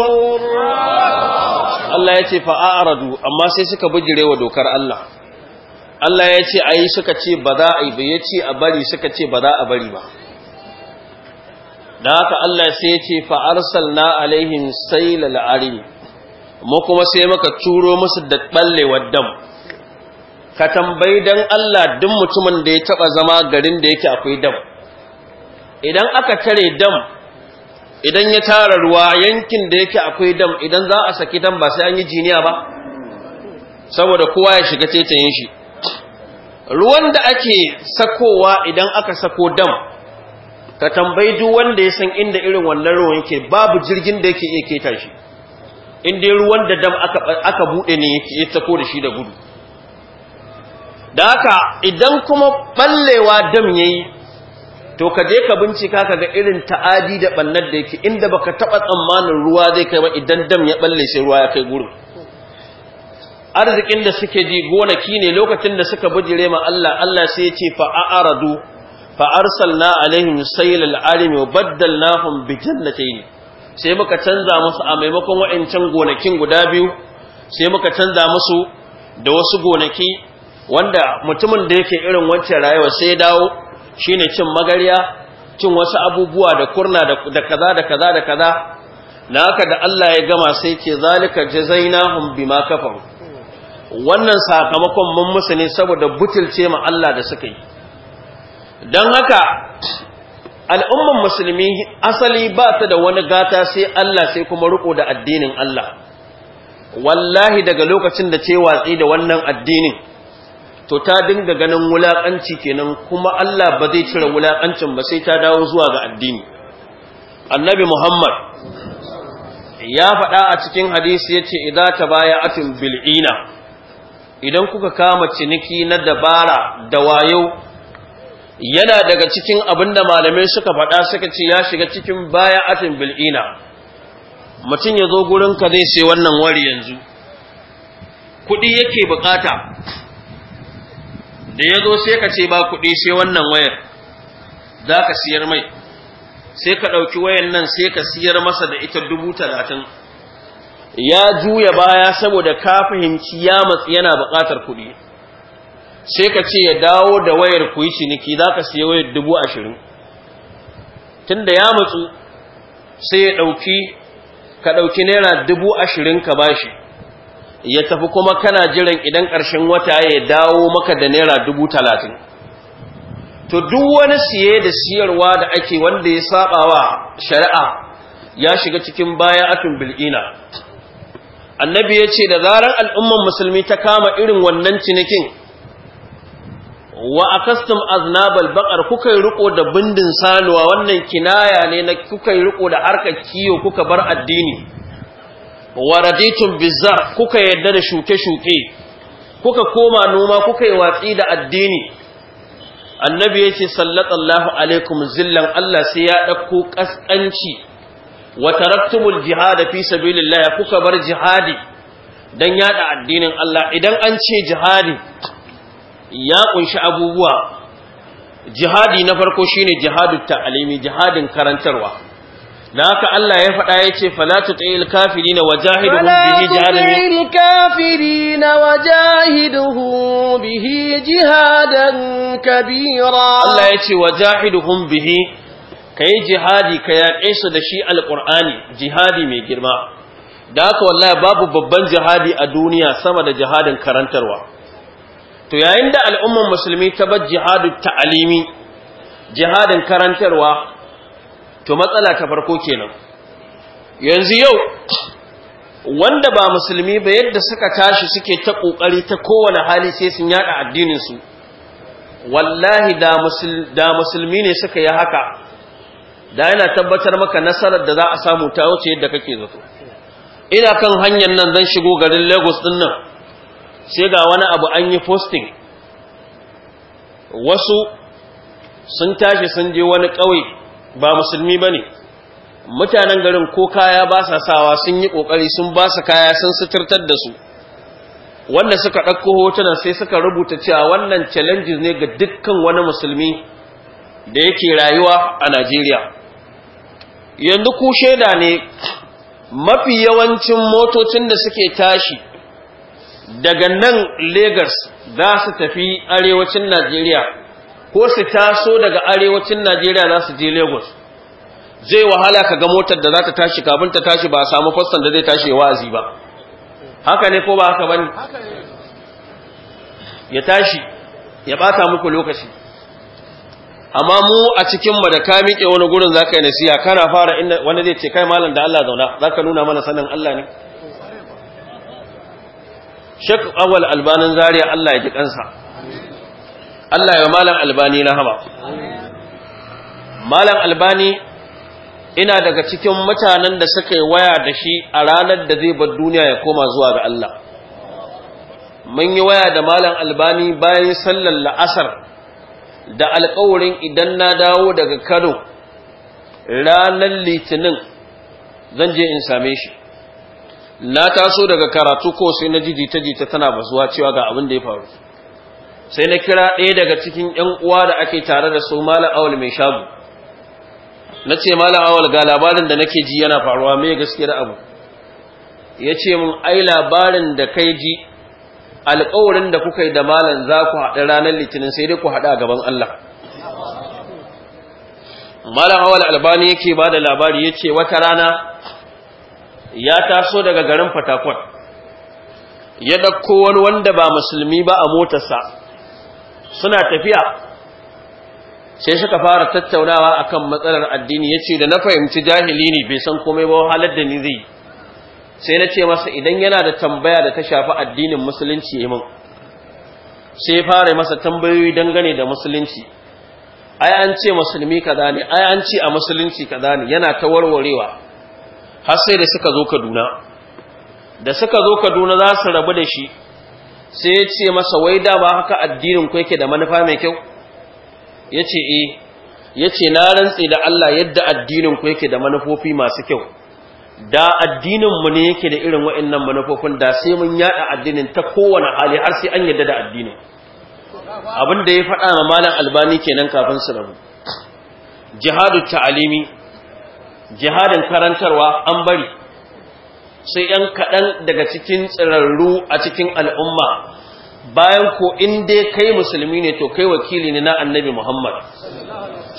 S2: Allah ya ce fa'aradu amma sai suka wa dokar Allah Allah ya ce ayi suka ce ba za a yi ba ya ce a bari suka ce ba za a bari ba da haka Allah sai ya ce fa'arsalna alaihim sailal arim mu kuma sai maka turo musu da dam ka tambayi dan Allah duk mutumin da ya taɓa zama garin da yake akwai dam idan aka tare dam idan ya tara ruwa yankin da yake akwai dam idan za a saki dam ba sai an yi jiniya ba saboda kowa ya shiga tetayen shi ruwan da ake sakowa idan aka sako dam ka tambayi duk wanda ya san inda irin wannan ruwan yake babu jirgin da yake iya keta shi in dai ruwan da dam aka buɗe ne ya sako da shi da gudu da haka idan kuma ballewa dam yayi to ka je ka bincika ka ga irin ta'adi da bannar da yake inda baka taba tsammanin ruwa zai kai ba idan dam ya balle sai ruwa ya kai gurin arzikin da suke ji gonaki ne lokacin da suka bijire ma Allah Allah sai ya ce fa a'radu fa arsalna alaihim saylal arim wa badalnahum bi jannatayn sai muka canza musu a maimakon wa'ancan gonakin guda biyu sai muka canza musu da wasu gonaki wanda mutumin da yake irin wancan rayuwa sai ya dawo shine cin magarya cin wasu abubuwa da kurna da kaza da kaza da kaza na haka da Allah ya gama sai ce zalika jazainahum bima kafar. wannan sakamakon mun musu ne saboda butulce ma Allah da suka yi dan haka al'umman musulmi asali ba ta da wani gata sai Allah sai kuma riko da addinin Allah wallahi daga lokacin da ce watsi da wannan addinin to ta dinga ganin wulaƙanci kenan kuma Allah ba zai cire wulaƙancin ba sai ta dawo zuwa ga addini annabi Muhammad ya faɗa a cikin hadisi yace idza atin bil'ina idan kuka kama ciniki na dabara da wayo yana daga cikin abinda malamai suka faɗa suka ce ya shiga cikin baya atin bil'ina mutum ya zo gurinka zai sai wannan wari yanzu kuɗi yake bukata da ya zo sai ka ce ba kuɗi sai wannan wayar za ka siyar mai sai ka ɗauki wayan nan sai ka siyar masa da ita dubu talatin ya juya baya saboda ka fahimci ya matsi yana buƙatar kuɗi sai ka ce ya dawo da wayar ku yi ciniki za ka siya wayar dubu ashirin tun da ya matsu sai ya ɗauki ka ɗauki naira dubu ashirin ka bashi ya tafi kuma kana jiran idan ƙarshen wata ya dawo maka da naira dubu talatin to duk wani siye da siyarwa da ake wanda ya saba wa shari'a ya shiga cikin baya atun bil'ina annabi ya ce da zarar al'umman musulmi ta kama irin wannan cinikin wa a akastum aznabal bakar kuka yi riko da bindin sanuwa wannan kinaya ne na kuka yi riko da harkar kiyo kuka bar addini Waraditun bizar kuka yadda da shuke-shuke kuka koma noma kuka yi watsi da addini annabi yace sallallahu alaikum zillan Allah sai ya ɗauko kaskanci wa taraktumul jihad fi sabilillah kuka bar jihadi dan yada addinin Allah idan an ce jihadi ya kunshi abubuwa jihadi na farko shine jihadut ta'alimi jihadin karantarwa naka Allah ya faɗa ya ce fala tuti'il kafirina wajahiduhum bihi jahadan
S1: kafirina wajahiduhum bihi jihadan kabira Allah
S2: ya ce wajahiduhum bihi yi jihadi ka yaƙe su da shi Alƙur'ani jihadi mai girma da haka wallahi babu babban jihadi a duniya sama da jihadin karantarwa to yayin da al'umman musulmi ta bar jihadu ta'alimi jihadin karantarwa to matsala ta farko kenan yanzu yau wanda ba musulmi ba yadda suka tashi suke ta kokari ta kowane hali sai sun yada addinin su wallahi da musulmi ne suka yi haka da yana tabbatar maka nasarar da za a samu ta wuce yadda kake zato ina kan hanyar nan zan shigo garin Lagos din nan sai ga wani abu an yi posting wasu sun tashi sun je wani ƙauye ba musulmi ba ne mutanen garin ko kaya ba sa sawa sun yi ƙoƙari sun ba su kaya sun suturtar da su wanda suka ɗauko hotunan sai suka rubuta cewa wannan challenges ne ga dukkan wani musulmi da yake rayuwa a Najeriya yanzu ku shaida ne mafi yawancin motocin da suke tashi daga nan Lagos za su tafi arewacin Najeriya ko su taso daga arewacin Najeriya za su je Lagos zai wahala ka ga motar da za ta tashi kafin ta tashi ba a samu fassan da zai tashi wa'azi ba haka ne ko ba haka bane ya tashi ya bata muku lokaci amma mu a cikin mu da ka miƙe wani gurin zaka yi nasiha kana fara inda wani zai ce kai malam da Allah zauna zaka nuna mana sanin Allah ne Sheikh Awal Albanin Zaria Allah ya ji kansa Allah ya malam albani rahama malam albani ina daga cikin mutanen da suka yi waya da shi a ranar da zai bar duniya ya koma zuwa ga Allah mun yi waya da malam albani bayan sallar la'asar da alkawarin idan na dawo daga kano ranar litinin zan je in same shi na taso daga karatu ko sai na jijita jita tana basuwa cewa ga abin da ya faru sai na kira ɗaya daga cikin ‘yan uwa da ake tare da su malam awal mai shagu na ce malam awal ga labarin da nake ji yana faruwa mai gaskiyar abu ya ce mun ai labarin da kai ji alƙawarin da kuka yi da malam za ku haɗa ranar litinin sai dai ku haɗa gaban Allah malam awal albani yake ba da labari ya ce wata rana ya taso daga garin Fatakwal, ya ɗauko wani wanda ba musulmi ba a motarsa suna tafiya sai suka fara tattaunawa akan matsalar addini yace da na fahimci jahili ne bai san komai ba halar da ni zai sai na ce masa idan yana da tambaya da ta shafi addinin musulunci min sai fara masa tambayoyi dangane da musulunci ai an ce musulmi kaza ne ai an ce a musulunci kaza ne yana ta warwarewa har sai da suka zo Kaduna da suka zo Kaduna za su rabu da shi sai ya ce masa wai dama haka addinin ku yake da manufa mai kyau ya ce e ya ce na rantse da Allah yadda addinin ku yake da manufofi masu kyau da addinin mu ne yake da irin waɗannan manufofin da sai mun yada addinin ta kowane hali har sai an yadda da addinin abin da ya faɗa ma malam albani kenan kafin su rabu jihadu ta'alimi jihadin karantarwa an bari sai ‘yan kaɗan daga cikin tsirarru a cikin al'umma bayan ko in dai kai musulmi ne to kai wakili ne na annabi Muhammad.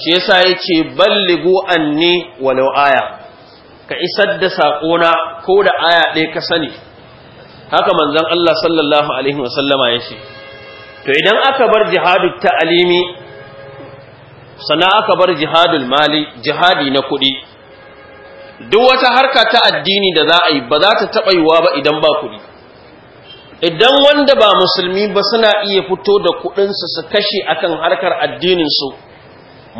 S2: Shi yasa ya ce, Balligo ni walau aya, ka isar da saƙona ko da aya ɗaya ka sani, haka manzan Allah sallallahu Alaihi wasallama ya ce, To idan aka bar jihadu alimi, sana aka bar jihadul mali, jihadi na kuɗi. duk wata harka ta addini da za a yi ba za ta taɓa yiwa ba idan ba kuɗi idan wanda ba musulmi ba suna iya fito da kuɗinsu su kashe akan harkar addininsu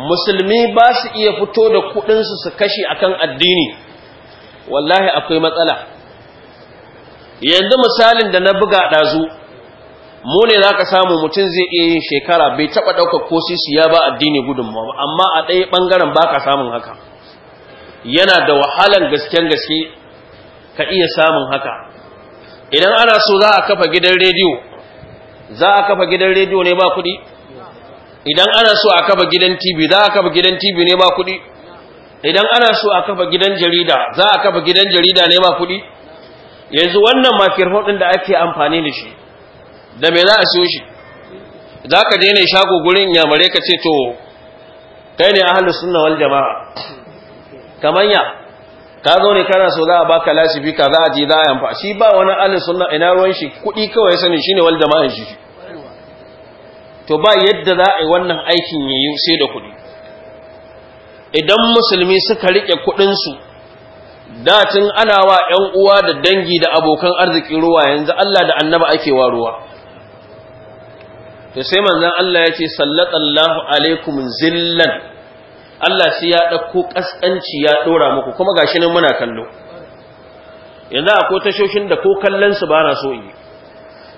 S2: musulmi ba su iya fito da kuɗinsu su kashe akan addini wallahi akwai matsala yanzu misalin da na buga ɗazu mu ne za ka samu mutum zai iya yin shekara bai taɓa ɗaukar ko sisi ya ba addini gudunmawa amma a ɗaya ɓangaren ba ka samun haka yana da wahalan gasken gaske ka iya samun haka idan ana so za a kafa gidan rediyo za a kafa gidan rediyo ne ba kuɗi idan ana so a kafa gidan tv za a kafa gidan tv ne ba kuɗi idan ana so a kafa gidan jarida za a kafa gidan jarida ne ba kuɗi yanzu wannan makirfon ɗin da ake amfani da shi da me za a siyo shi za ka daina shago gurin yamare ka ce to kai ne ahalus sunna wal jama'a ya ka zo ne kana so za a baka lasifi ka za a je za a yamfa shi ba wani alin sunna ina ruwan shi kuɗi kawai sani shi ne walda jama'an shi to ba yadda za a yi wannan aikin yi sai da kuɗi idan musulmi suka riƙe kuɗinsu datin ana wa ‘yan uwa da dangi da abokan arziki ruwa yanzu Allah da annaba ake wa ruwa to sai manzan Allah ya ce sallallahu alaikum zillan Allah sai ya ɗauko ƙasƙanci ya ɗora muku kuma gashi nan muna kallo yanzu akwai tashoshin da ko kallon su ba na so yi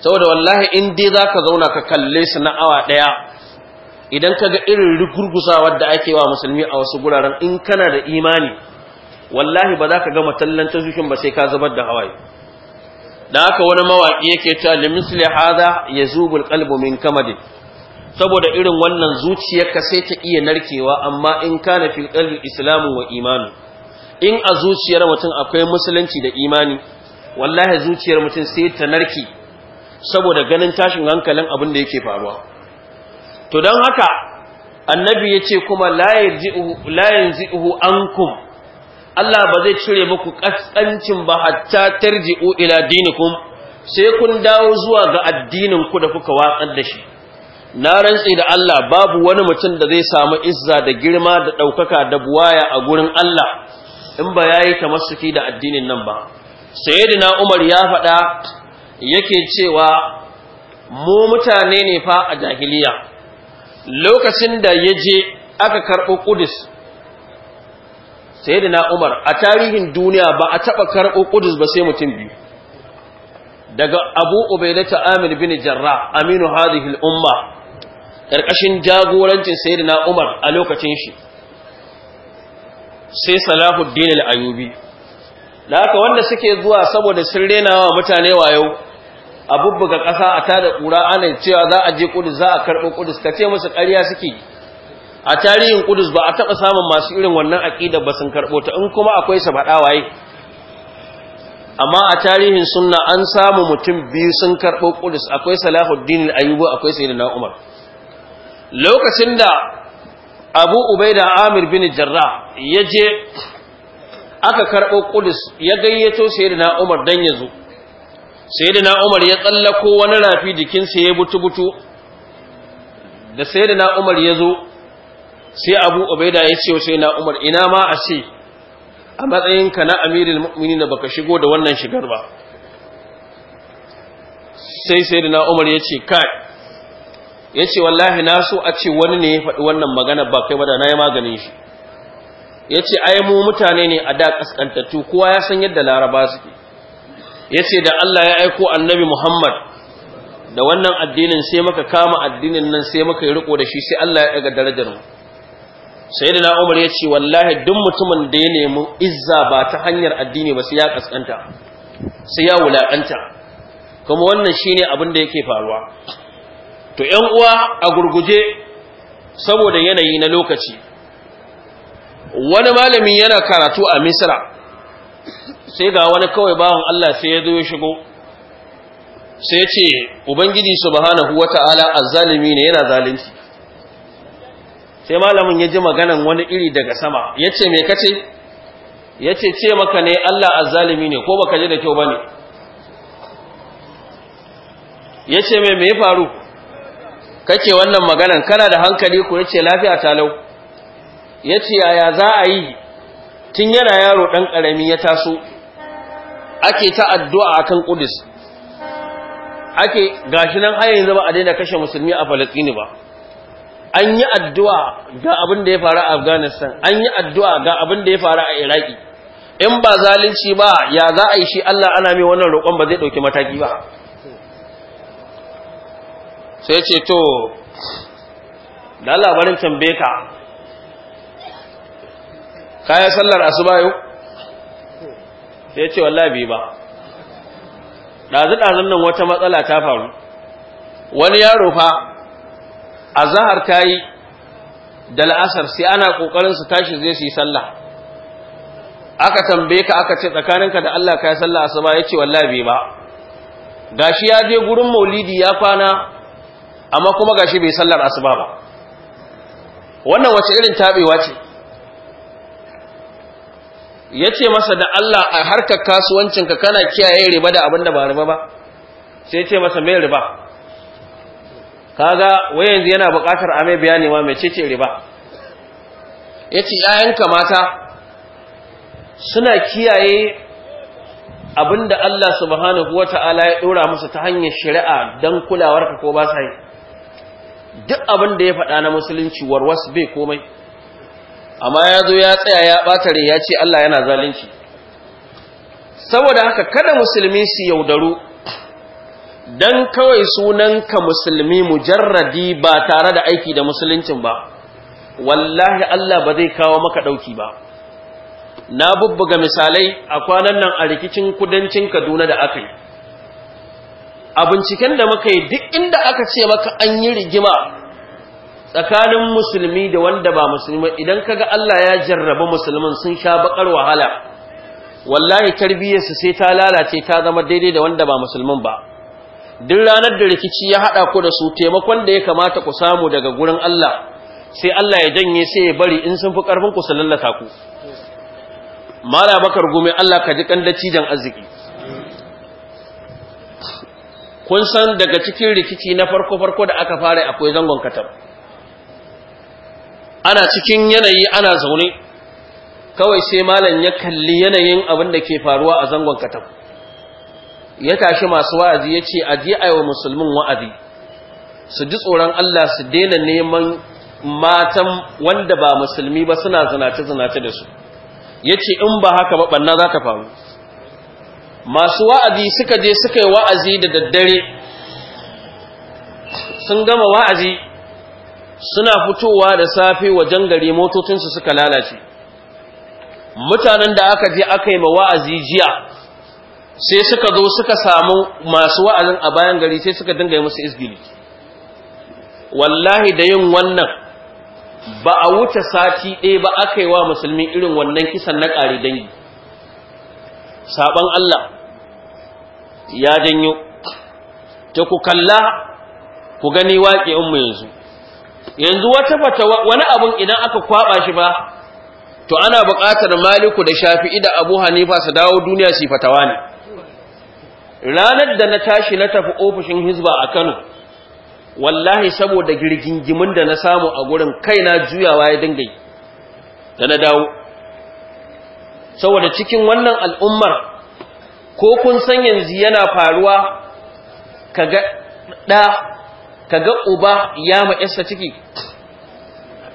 S2: saboda wallahi in dai za ka zauna ka kalle su na awa ɗaya idan ka ga irin rigurgusawa da ake wa musulmi a wasu guraren in kana da imani wallahi ba za ka gama tallan tashoshin ba sai ka zubar da hawaye da haka wani mawaƙi yake cewa limisli hada yazubul qalbu min saboda irin wannan zuciyarka sai ta iya narkewa amma in kana fil qalbi islamu wa imanu in a zuciyar mutum akwai musulunci da imani wallahi zuciyar mutum sai ta narke saboda ganin tashin hankalin abin da yake faruwa to don haka annabi ya ce kuma layin yanzihu ankum Allah ba zai cire muku ƙasƙancin ba hatta tarji'u ila dinikum sai kun dawo zuwa ga addinin ku da kuka watsar da shi na rantse da Allah babu wani mutum da zai samu izza da girma da ɗaukaka da buwaya a gurin Allah in ba ya yi tamassuki da addinin nan ba sayyidina Umar ya faɗa yake cewa mu mutane ne fa a jahiliya lokacin da ya je aka karɓo Qudus sayyidina Umar a tarihin duniya ba a taɓa karɓo Qudus ba sai mutum biyu daga Abu Ubaidata Amir bin Jarrah aminu hadhihi al-umma ƙarƙashin jagorancin sayyidina Umar a lokacin shi sai Salahuddin al-Ayyubi da haka wanda suke zuwa saboda sun wa mutane wayo a bubbuga ƙasa a tada ƙura ana cewa za a je Kudus za a karɓi Kudus ka ce musu ƙarya suke a tarihin Kudus ba a taɓa samun masu irin wannan aƙida ba sun karɓo ta in kuma akwai su faɗa waye amma a tarihin sunna an samu mutum biyu sun karɓo Kudus akwai Salahuddin al-Ayyubi akwai Sayyidina Umar lokacin da abu ubaida amir bin jarra ya je aka karɓo kudus ya gayyato sayyidina umar dan ya zo sayyidina umar ya tsallako wani rafi jikinsa ya butu-butu da sayyidina umar ya zo sai abu ubaida ya ce wa sayyidina ina ma a ce a matsayinka na amirin da baka shigo da wannan shigar ba sai sayyidina umar ya ce kai ya ce wallahi na so a ce wani ne ya faɗi wannan magana ba kai bada na yi maganin shi ya ce ai mu mutane ne a da ƙasƙantattu kowa ya san yadda laraba suke ya ce da Allah ya aiko annabi Muhammad da wannan addinin sai muka kama addinin nan sai muka yi riko da shi sai Allah ya ɗaga darajar mu sayyidina Umar ya ce wallahi duk mutumin da ya nemi izza ba ta hanyar addini ba sai ya ƙasƙanta sai ya wulaƙanta kuma wannan shine abin da yake faruwa to ‘yan uwa a gurguje saboda yanayi na lokaci wani malami yana karatu a Misira, sai ga wani kawai bawan Allah sai ya zo ya shigo sai ce ubangiji subhanahu wata'ala azzalimi ne yana zalunci sai malamin ya ji maganan wani iri daga sama ya ce me kace ya ce ce maka ne Allah azzalimi ne ko baka ji da kyau bane ya ce me me ya faru kake wannan maganan kana da hankali ku yace lafiya talau yace yaya za a yi tun yana yaro dan karami ya taso ake ta addu'a akan Kudus, ake gashi nan har yanzu ba a daina kashe musulmi a Falastini ba an yi addu'a ga abin da ya faru a Afghanistan an yi addu'a ga abin da ya faru a Iraki in ba zalunci ba ya za a yi shi Allah ana mai wannan roƙon ba zai ɗauki mataki ba sai ce to da labarin tambaye ka kayan sallar asubayo. sai ce wallahi ba ɗazu-ɗazun nan wata matsala ta faru wani yaro fa a zahar ta yi da la'asar sai ana ƙoƙarin su tashi zai su yi sallah aka tambaye aka ce tsakaninka da Allah kaya sallar sallah asuba ya ce wallahi ba gashi ya je gurin maulidi ya kwana amma kuma gashi bai sallar asuba ba wannan wace irin tabewa ce yace masa da Allah a harkar ka kana kiyaye riba da abin ba riba ba sai yace masa me riba kaga wai yanzu yana buƙatar amai mai bayani ma mai cece riba yace yayanka mata suna kiyaye abinda Allah subhanahu wata'ala ya dora musu ta hanyar shari'a dan kulawarka ko ba sai duk abin da ya faɗa na musulunci warwas bai komai amma ya zo ya tsaya ya ɓatare ya ce Allah yana zalunci saboda haka kada musulmi su yaudaru don kawai sunan ka musulmi mujarradi ba tare da aiki da musuluncin ba wallahi Allah ba zai kawo maka ɗauki ba na bubbuga misalai a kwanan nan a rikicin kudancin kaduna da aka yi a binciken da muka yi duk inda aka ce maka an yi rigima tsakanin musulmi da wanda ba musulmi idan ga Allah ya jarraba musulmin sun sha bakar wahala wallahi tarbiyyarsu sai ta lalace ta zama daidai da wanda ba musulmin ba duk ranar da rikici ya haɗa ku da su taimakon da ya kamata ku samu daga gurin Allah sai Allah ya janye sai ya bari in sun fi karfin ku su lallata ku mala bakar gumi Allah ka ji kandaci jan arziki kun san daga cikin rikici na farko-farko da aka fara akwai zangon katar ana cikin yanayi ana zaune kawai sai malam ya kalli yanayin abin da ke faruwa a zangon katar ya tashi masu wa'azi ya ce a ji a wa musulmin wa'azi su ji tsoron Allah su daina neman matan wanda ba musulmi ba suna zinace-zinace da su ya ce in ba haka ba ɓanna za ta faru masu wa'azi suka je suka yi wa'azi da daddare sun gama wa'azi suna fitowa da safe wajen gari motocinsu suka lalace mutanen da aka je aka yi ma wa'azi jiya sai suka zo suka samu masu wa'azin a bayan gari sai suka dinga yi musu izgili wallahi da yin wannan ba a wuce sati ɗaya ba aka yi wa musulmi irin wannan kisan na ƙari dangi saban Allah ya janyo ta ku kalla ku gani waƙe mu yanzu yanzu wata fata wani abun idan aka kwaba shi ba to ana buƙatar maliku da shafi'i da abu hanifa su dawo duniya su fatawa ne ranar da na tashi na tafi ofishin hizba a kano wallahi saboda girgingimin da na samu a gurin kaina juyawa ya dinga da na dawo saboda cikin wannan al'ummar ko kun san yanzu yana faruwa kaga ɗa kaga uba ya ma'yarsa ciki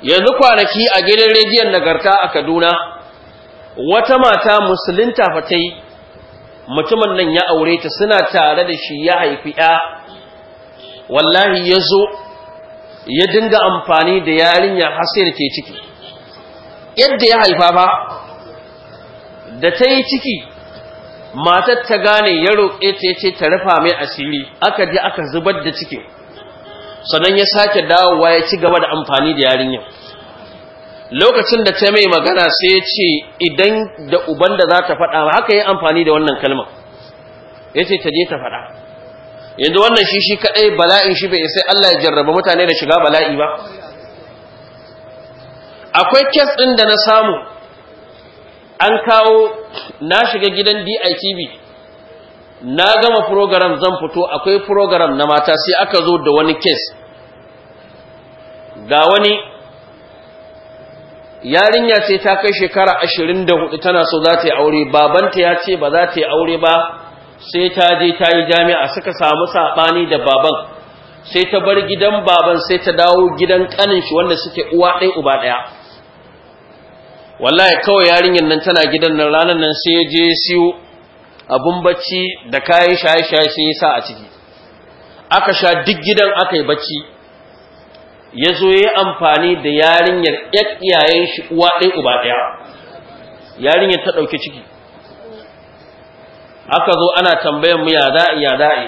S2: yanzu kwanaki a gidan rediyon nagarta a kaduna wata mata musulunta fa mutumin nan ya aure ta suna tare da shi ya haifi ya wallahi ya zo ya dinga amfani da yarinya har sai da ke ciki yadda ya haifa ba da ta yi ciki matar ta gane ya roƙe ta ce ta rufa mai asiri aka je aka zubar da cikin sannan ya sake dawowa ya ci gaba da amfani da yarinyar lokacin da ta mai magana sai ya ce idan da uban da za ta faɗa ba haka yi amfani da wannan kalmar ya ce ta je ta faɗa yanzu wannan shi shi kaɗai bala'in shi bai sai Allah ya jarraba mutane da shiga bala'i ba akwai kes ɗin da na samu an kawo na shiga gidan DITV na gama program zan fito akwai program na mata sai aka zo da wani case ga wani yarinya ce ta kai shekara 24 tana so za ta yi aure babanta ya ce ba za ta yi aure ba sai ta je ta yi jami'a suka samu saɓani da baban sai ta bar gidan baban sai ta dawo gidan kanin shi wanda suke uwa ɗaya uba ɗaya wallahi kawai yarinyar nan tana gidan nan ranar nan sai je siyo abun bacci da kayan shaye-shaye sai yi sa a ciki aka sha duk gidan aka yi bacci ya zo ya amfani da yarinyar iyayen shi uwa ɗaya uba ɗaya yarinyar ta ɗauki ciki aka zo ana tambayar mu ya za'i ya za'i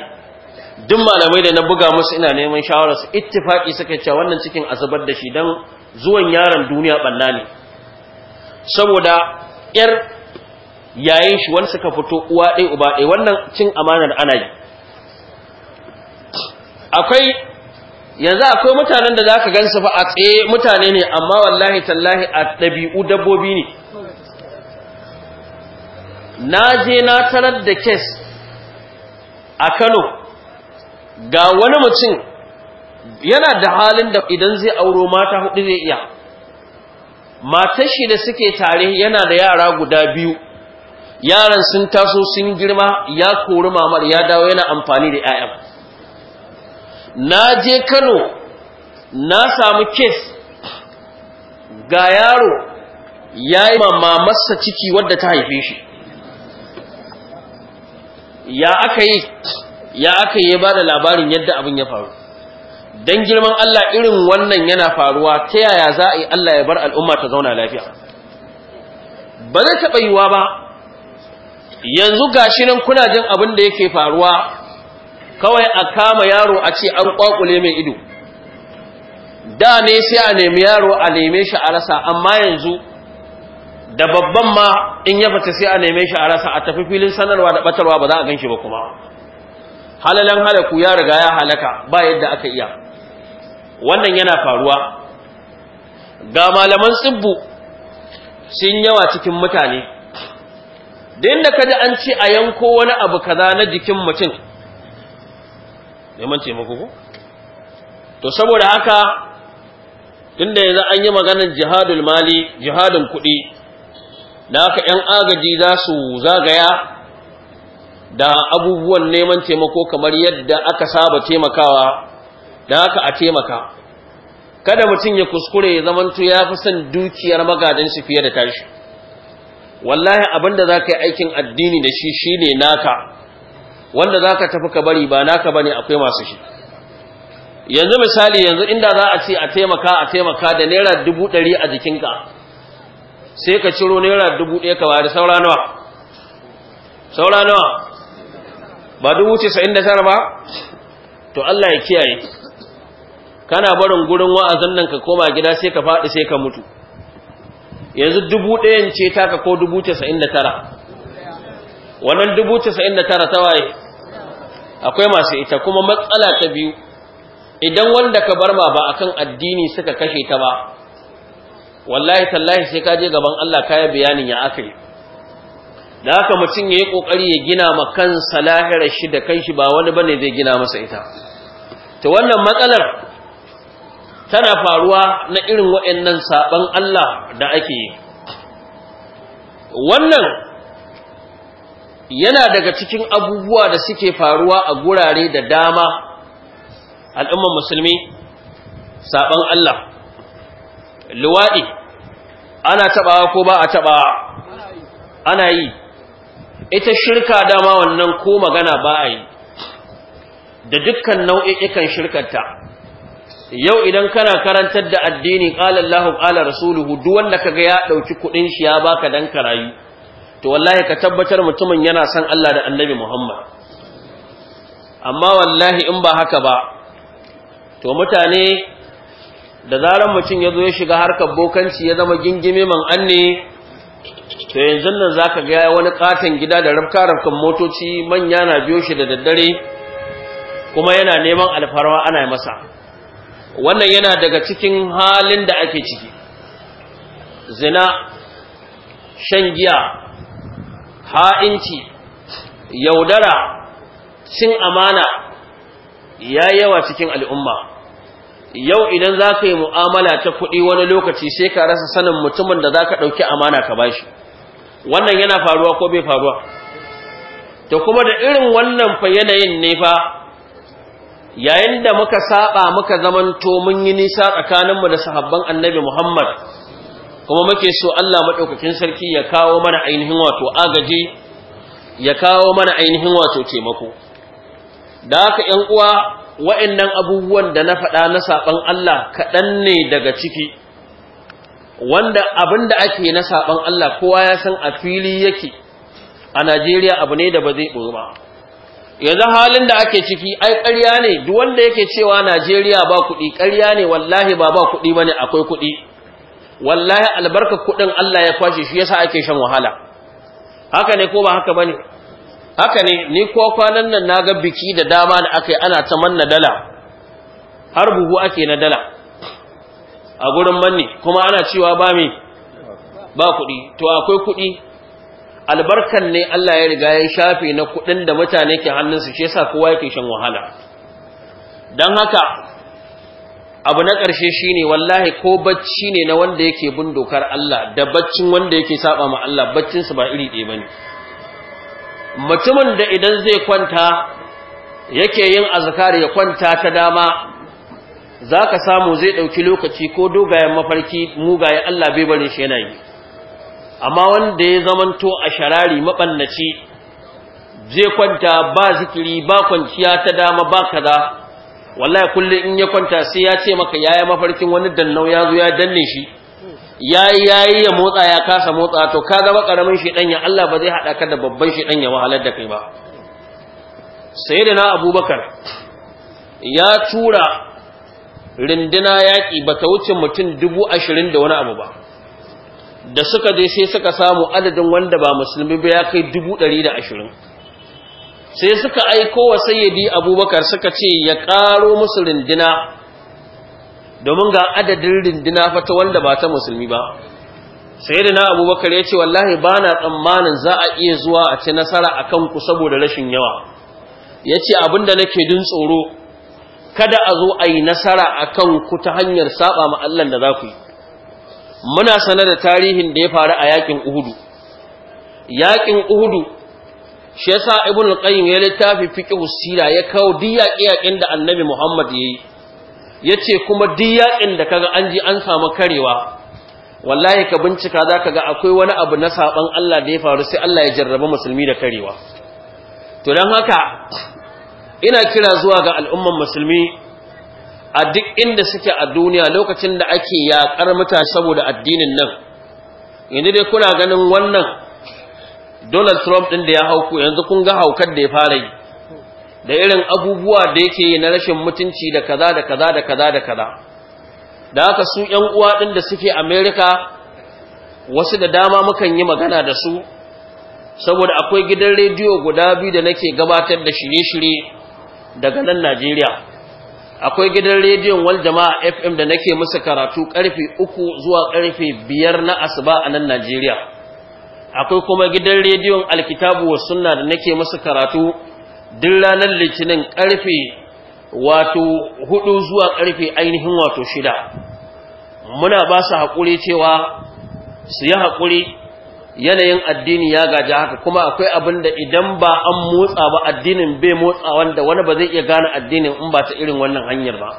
S2: duk malamai da na buga musu ina neman shawararsu ittifaki suka ce wannan cikin asabar da shi don zuwan yaron duniya ɓanna ne saboda yar yayin shi wani suka fito uwa ɗaya uba ɗaya wannan cin amanar ana yi akwai yanzu akwai mutanen da zaka gansu fa a tsaye mutane ne amma wallahi tallahi a ɗabi'u dabbobi ne na je na tarar da kes a Kano ga wani mutum yana da halin da idan zai auro mata hudu zai iya matan shi da suke tare yana da yara guda biyu yaran sun taso sun girma ya kori mamar ya dawo yana amfani da 'ya'yan na je kano na samu kes ga yaro ya yi mamarsa ciki wadda ta haife shi ya aka yi ya aka yi ba da labarin yadda abin ya faru dan girman Allah irin wannan yana faruwa ta yaya za a yi Allah ya bar al'umma ta zauna lafiya ba zai taɓa yiwa ba yanzu gashi nan kuna jin abin da yake faruwa kawai a kama yaro a ce an kwakule mai ido da ne sai a nemi yaro a neme shi a rasa amma yanzu da babban ma in ya fita sai a neme shi a rasa a tafi filin sanarwa da batarwa ba za a gan shi ba kuma halalan halaku ya riga ya halaka ba yadda aka iya wannan yana faruwa ga malaman tsibbu sun yawa cikin mutane din da kaji an ci a yanko wani abu kaza na jikin mutum neman taimako ku? to saboda haka tunda yanzu an yi maganar jihadul mali jihadun kuɗi da haka 'yan agaji za su zagaya da abubuwan neman taimako kamar yadda aka saba taimakawa dan haka a taimaka kada mutum ya kuskure ya zamanto ya fi son dukiyar magadan shi fiye da tashi wallahi abinda za ka yi aikin addini da shi shine naka wanda za ka tafi ka bari ba naka bane akwai masu shi yanzu misali yanzu inda za a ce a taimaka a taimaka da naira dubu ɗari a jikinka sai ka ciro naira dubu ɗaya ka bari saura nawa saura nawa ba dubu casa'in da tara ba to Allah ya kiyaye kana barin gurin wa'azin nan ka koma gida sai ka faɗi sai ka mutu yanzu dubu ɗayan ce taka ko dubu casa'in da tara wannan dubu casa'in da tara ta waye akwai masu ita kuma matsala ta biyu idan wanda ka bar ma ba akan addini suka kashe ta ba wallahi tallahi sai ka je gaban Allah kaya bayanin ya aka yi da haka mutum ya yi ƙoƙari ya gina ma kansa lahirar shi da kanshi ba wani ne zai gina masa ita ta wannan matsalar tana faruwa na irin waɗannan saɓan Allah da ake yi wannan yana daga cikin abubuwa da suke faruwa a gurare da dama al'umman musulmi saɓan Allah luwaɗi ana taɓawa ko ba a taɓawa ana yi ita shirka dama wannan ko magana ba a yi da dukkan nau'i'ikan shirkarta yau idan kana karantar da addini qala Allahu qala rasuluhu duk wanda kaga ya dauki kudin shi ya baka dan rayu, to wallahi ka tabbatar mutumin yana son Allah da Annabi Muhammad amma wallahi in ba haka ba to mutane da zaran mutum ya zo ya shiga harkar bokanci ya zama gingime man anne to yanzu nan zaka ga wani katon gida da rafka rafkan motoci manya na biyo shi da daddare kuma yana neman alfarwa ana masa wannan yana daga cikin halin da ake ciki zina shan giya ha'inci yaudara cin amana ya yawa cikin al'umma yau idan za ka yi mu'amala ta kuɗi wani lokaci sai ka rasa sanin mutumin da za ka ɗauki amana ka bashi wannan yana faruwa ko bai faruwa da kuma da irin wannan fa yanayin ne fa yayin da muka saba muka zaman to mun yi nisa tsakaninmu da sahabban annabi Muhammad kuma muke so Allah madaukakin sarki ya kawo mana ainihin wato agaji ya kawo mana ainihin wato taimako da haka 'yan uwa wa'annan abubuwan da na faɗa na saban Allah kaɗan ne daga ciki wanda abin da ake na saban Allah kowa ya san a fili yake a Najeriya abu ne da ba zai ɓoye ba yanzu halin da ake ciki ai ƙarya ne duk wanda yake cewa Najeriya ba kuɗi ƙarya ne wallahi ba ba kuɗi bane akwai kuɗi wallahi albarka kuɗin Allah ya kwashe shi yasa ake shan wahala haka ne ko ba haka bane haka ne ni ko kwanan nan na ga biki da dama da aka ana ta manna dala har buhu ake na dala a gurin manne kuma ana cewa ba me ba kuɗi to akwai kuɗi albarkan ne Allah ya riga ya shafe na kuɗin da mutane ke hannunsu shi yasa kowa yake shan wahala dan haka abu na ƙarshe shine wallahi ko bacci ne na wanda yake bin dokar Allah da baccin wanda yake saba ma Allah baccinsu ba iri ɗaya bane mutumin da idan zai kwanta yake yin azkar ya kwanta ta dama zaka samu zai ɗauki lokaci ko dogayen mafarki mugaye Allah bai bari shi yana yi amma wanda ya zamanto a sharari maɓannaci zai kwanta ba zikiri ba kwanciya ta dama ba kaza wallahi kullum in ya kwanta sai ya ce maka yayi mafarkin wani dannau ya zo ya danne shi yayi yayi ya motsa ya kasa motsa to ka zama karamin shedan ya Allah ba zai hada ka da babban shedan ya wahalar da kai ba sayyidina abubakar ya tura rindina yaƙi ba ta wuce mutum dubu ashirin da wani abu ba da suka je sai suka samu adadin wanda ba musulmi ba ya kai dubu ɗari da ashirin sai suka aiko wa sayyidi abubakar suka ce ya ƙaro musu rindina domin ga adadin rindina fata wanda ba ta musulmi ba da na abubakar ya ce wallahi ba na tsammanin za a iya zuwa a ci nasara a kanku saboda rashin yawa ya ce da nake jin tsoro kada a zo a yi nasara a ku ta hanyar saba ma Allah da za ku yi muna sanar da tarihin da ya faru a yakin uhudu yakin uhudu shi yasa ibn al-qayyim ya littafi fiqh usira ya kawo duk yaƙin da annabi muhammad yayi yace kuma diyaƙin da kaga an ji an samu karewa wallahi ka bincika zaka ga akwai wani abu na saban Allah da ya faru sai Allah ya jarraba musulmi da karewa to dan haka ina kira zuwa ga al'umman musulmi a duk inda suke a duniya lokacin da ake yaƙar mutane saboda addinin nan yanzu dai kuna ganin wannan Donald Trump ɗin da ya hauku yanzu kun ga haukar da ya fara yi da irin abubuwa da yake yi na rashin mutunci da kaza da kaza da kaza da kaza da haka su ƴan uwa ɗin da suke America wasu da dama mukan yi magana da su saboda akwai gidan rediyo guda biyu da nake gabatar da shirye-shirye daga nan Najeriya akwai gidan rediyon wal jama'a fm da nake musu karatu karfe uku zuwa karfe biyar na asuba a nan najeriya akwai kuma gidan rediyon alkitabu wa sunna da nake musu karatu duk ranar litinin karfe wato hudu zuwa karfe ainihin wato shida muna ba su haƙuri cewa su yi haƙuri yanayin addini ya gaji haka kuma akwai abin da idan ba an motsa ba addinin bai motsa wanda wani ba zai iya gane addinin in ba ta irin wannan hanyar ba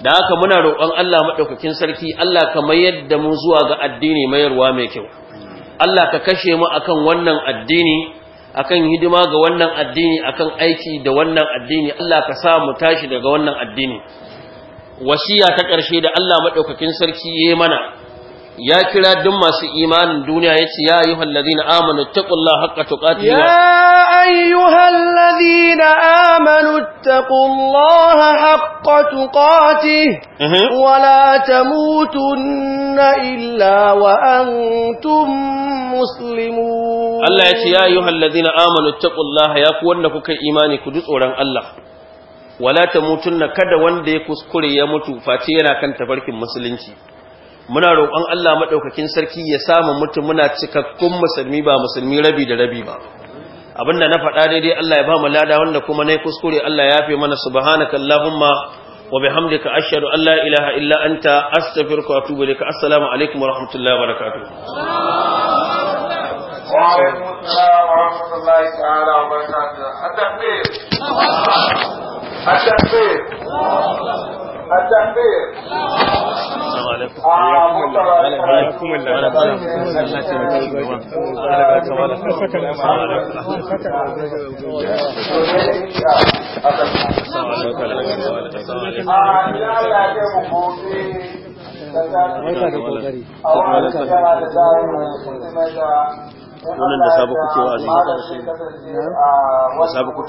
S2: da haka muna roƙon Allah maɗaukakin sarki Allah ka mayar da mu zuwa ga addini mayarwa mai kyau Allah ka kashe mu akan wannan addini akan hidima ga wannan addini akan aiki da wannan addini Allah ka sa mu tashi daga wannan addini wasiya ta ƙarshe da Allah maɗaukakin sarki yayi mana ya kira duk masu imanin duniya ya ce ya ayyuhal na amanu taqullaha haqqa tuƙatu ya
S1: ayyuhal na amanu taqullaha haqqa mhm. wala wa la na illa wa tun musulmi
S2: Allah ya ce ya ayyuhal na amanu taqullaha ya ku wanda kuka imani ku ji tsoron Allah wala na kada wanda ya kuskure ya mutu face yana kan tafarkin musulunci muna roƙon Allah maɗaukakin sarki ya samu mutum muna cikakkun musulmi ba musulmi rabi da rabi ba abinda na faɗa daidai Allah ya ba mu lada wanda kuma nayi kuskure Allah ya fi mana subhanaka allahumma wa bihamdika ashhadu an la ilaha illa anta astaghfiruka wa atubu ilaik assalamu alaikum wa rahmatullahi wa barakatuh wa rahmatullahi ta'ala wa barakatuh at-takbir at-takbir التكبير السلام عليكم حياكم الله انا طالع مسلاتي مكتوب انا بتوالى فكك
S1: السلام عليكم السلام عليكم السلام عليكم اه يا الله يا ابو wannan da sabu kuke wa'azi da sabu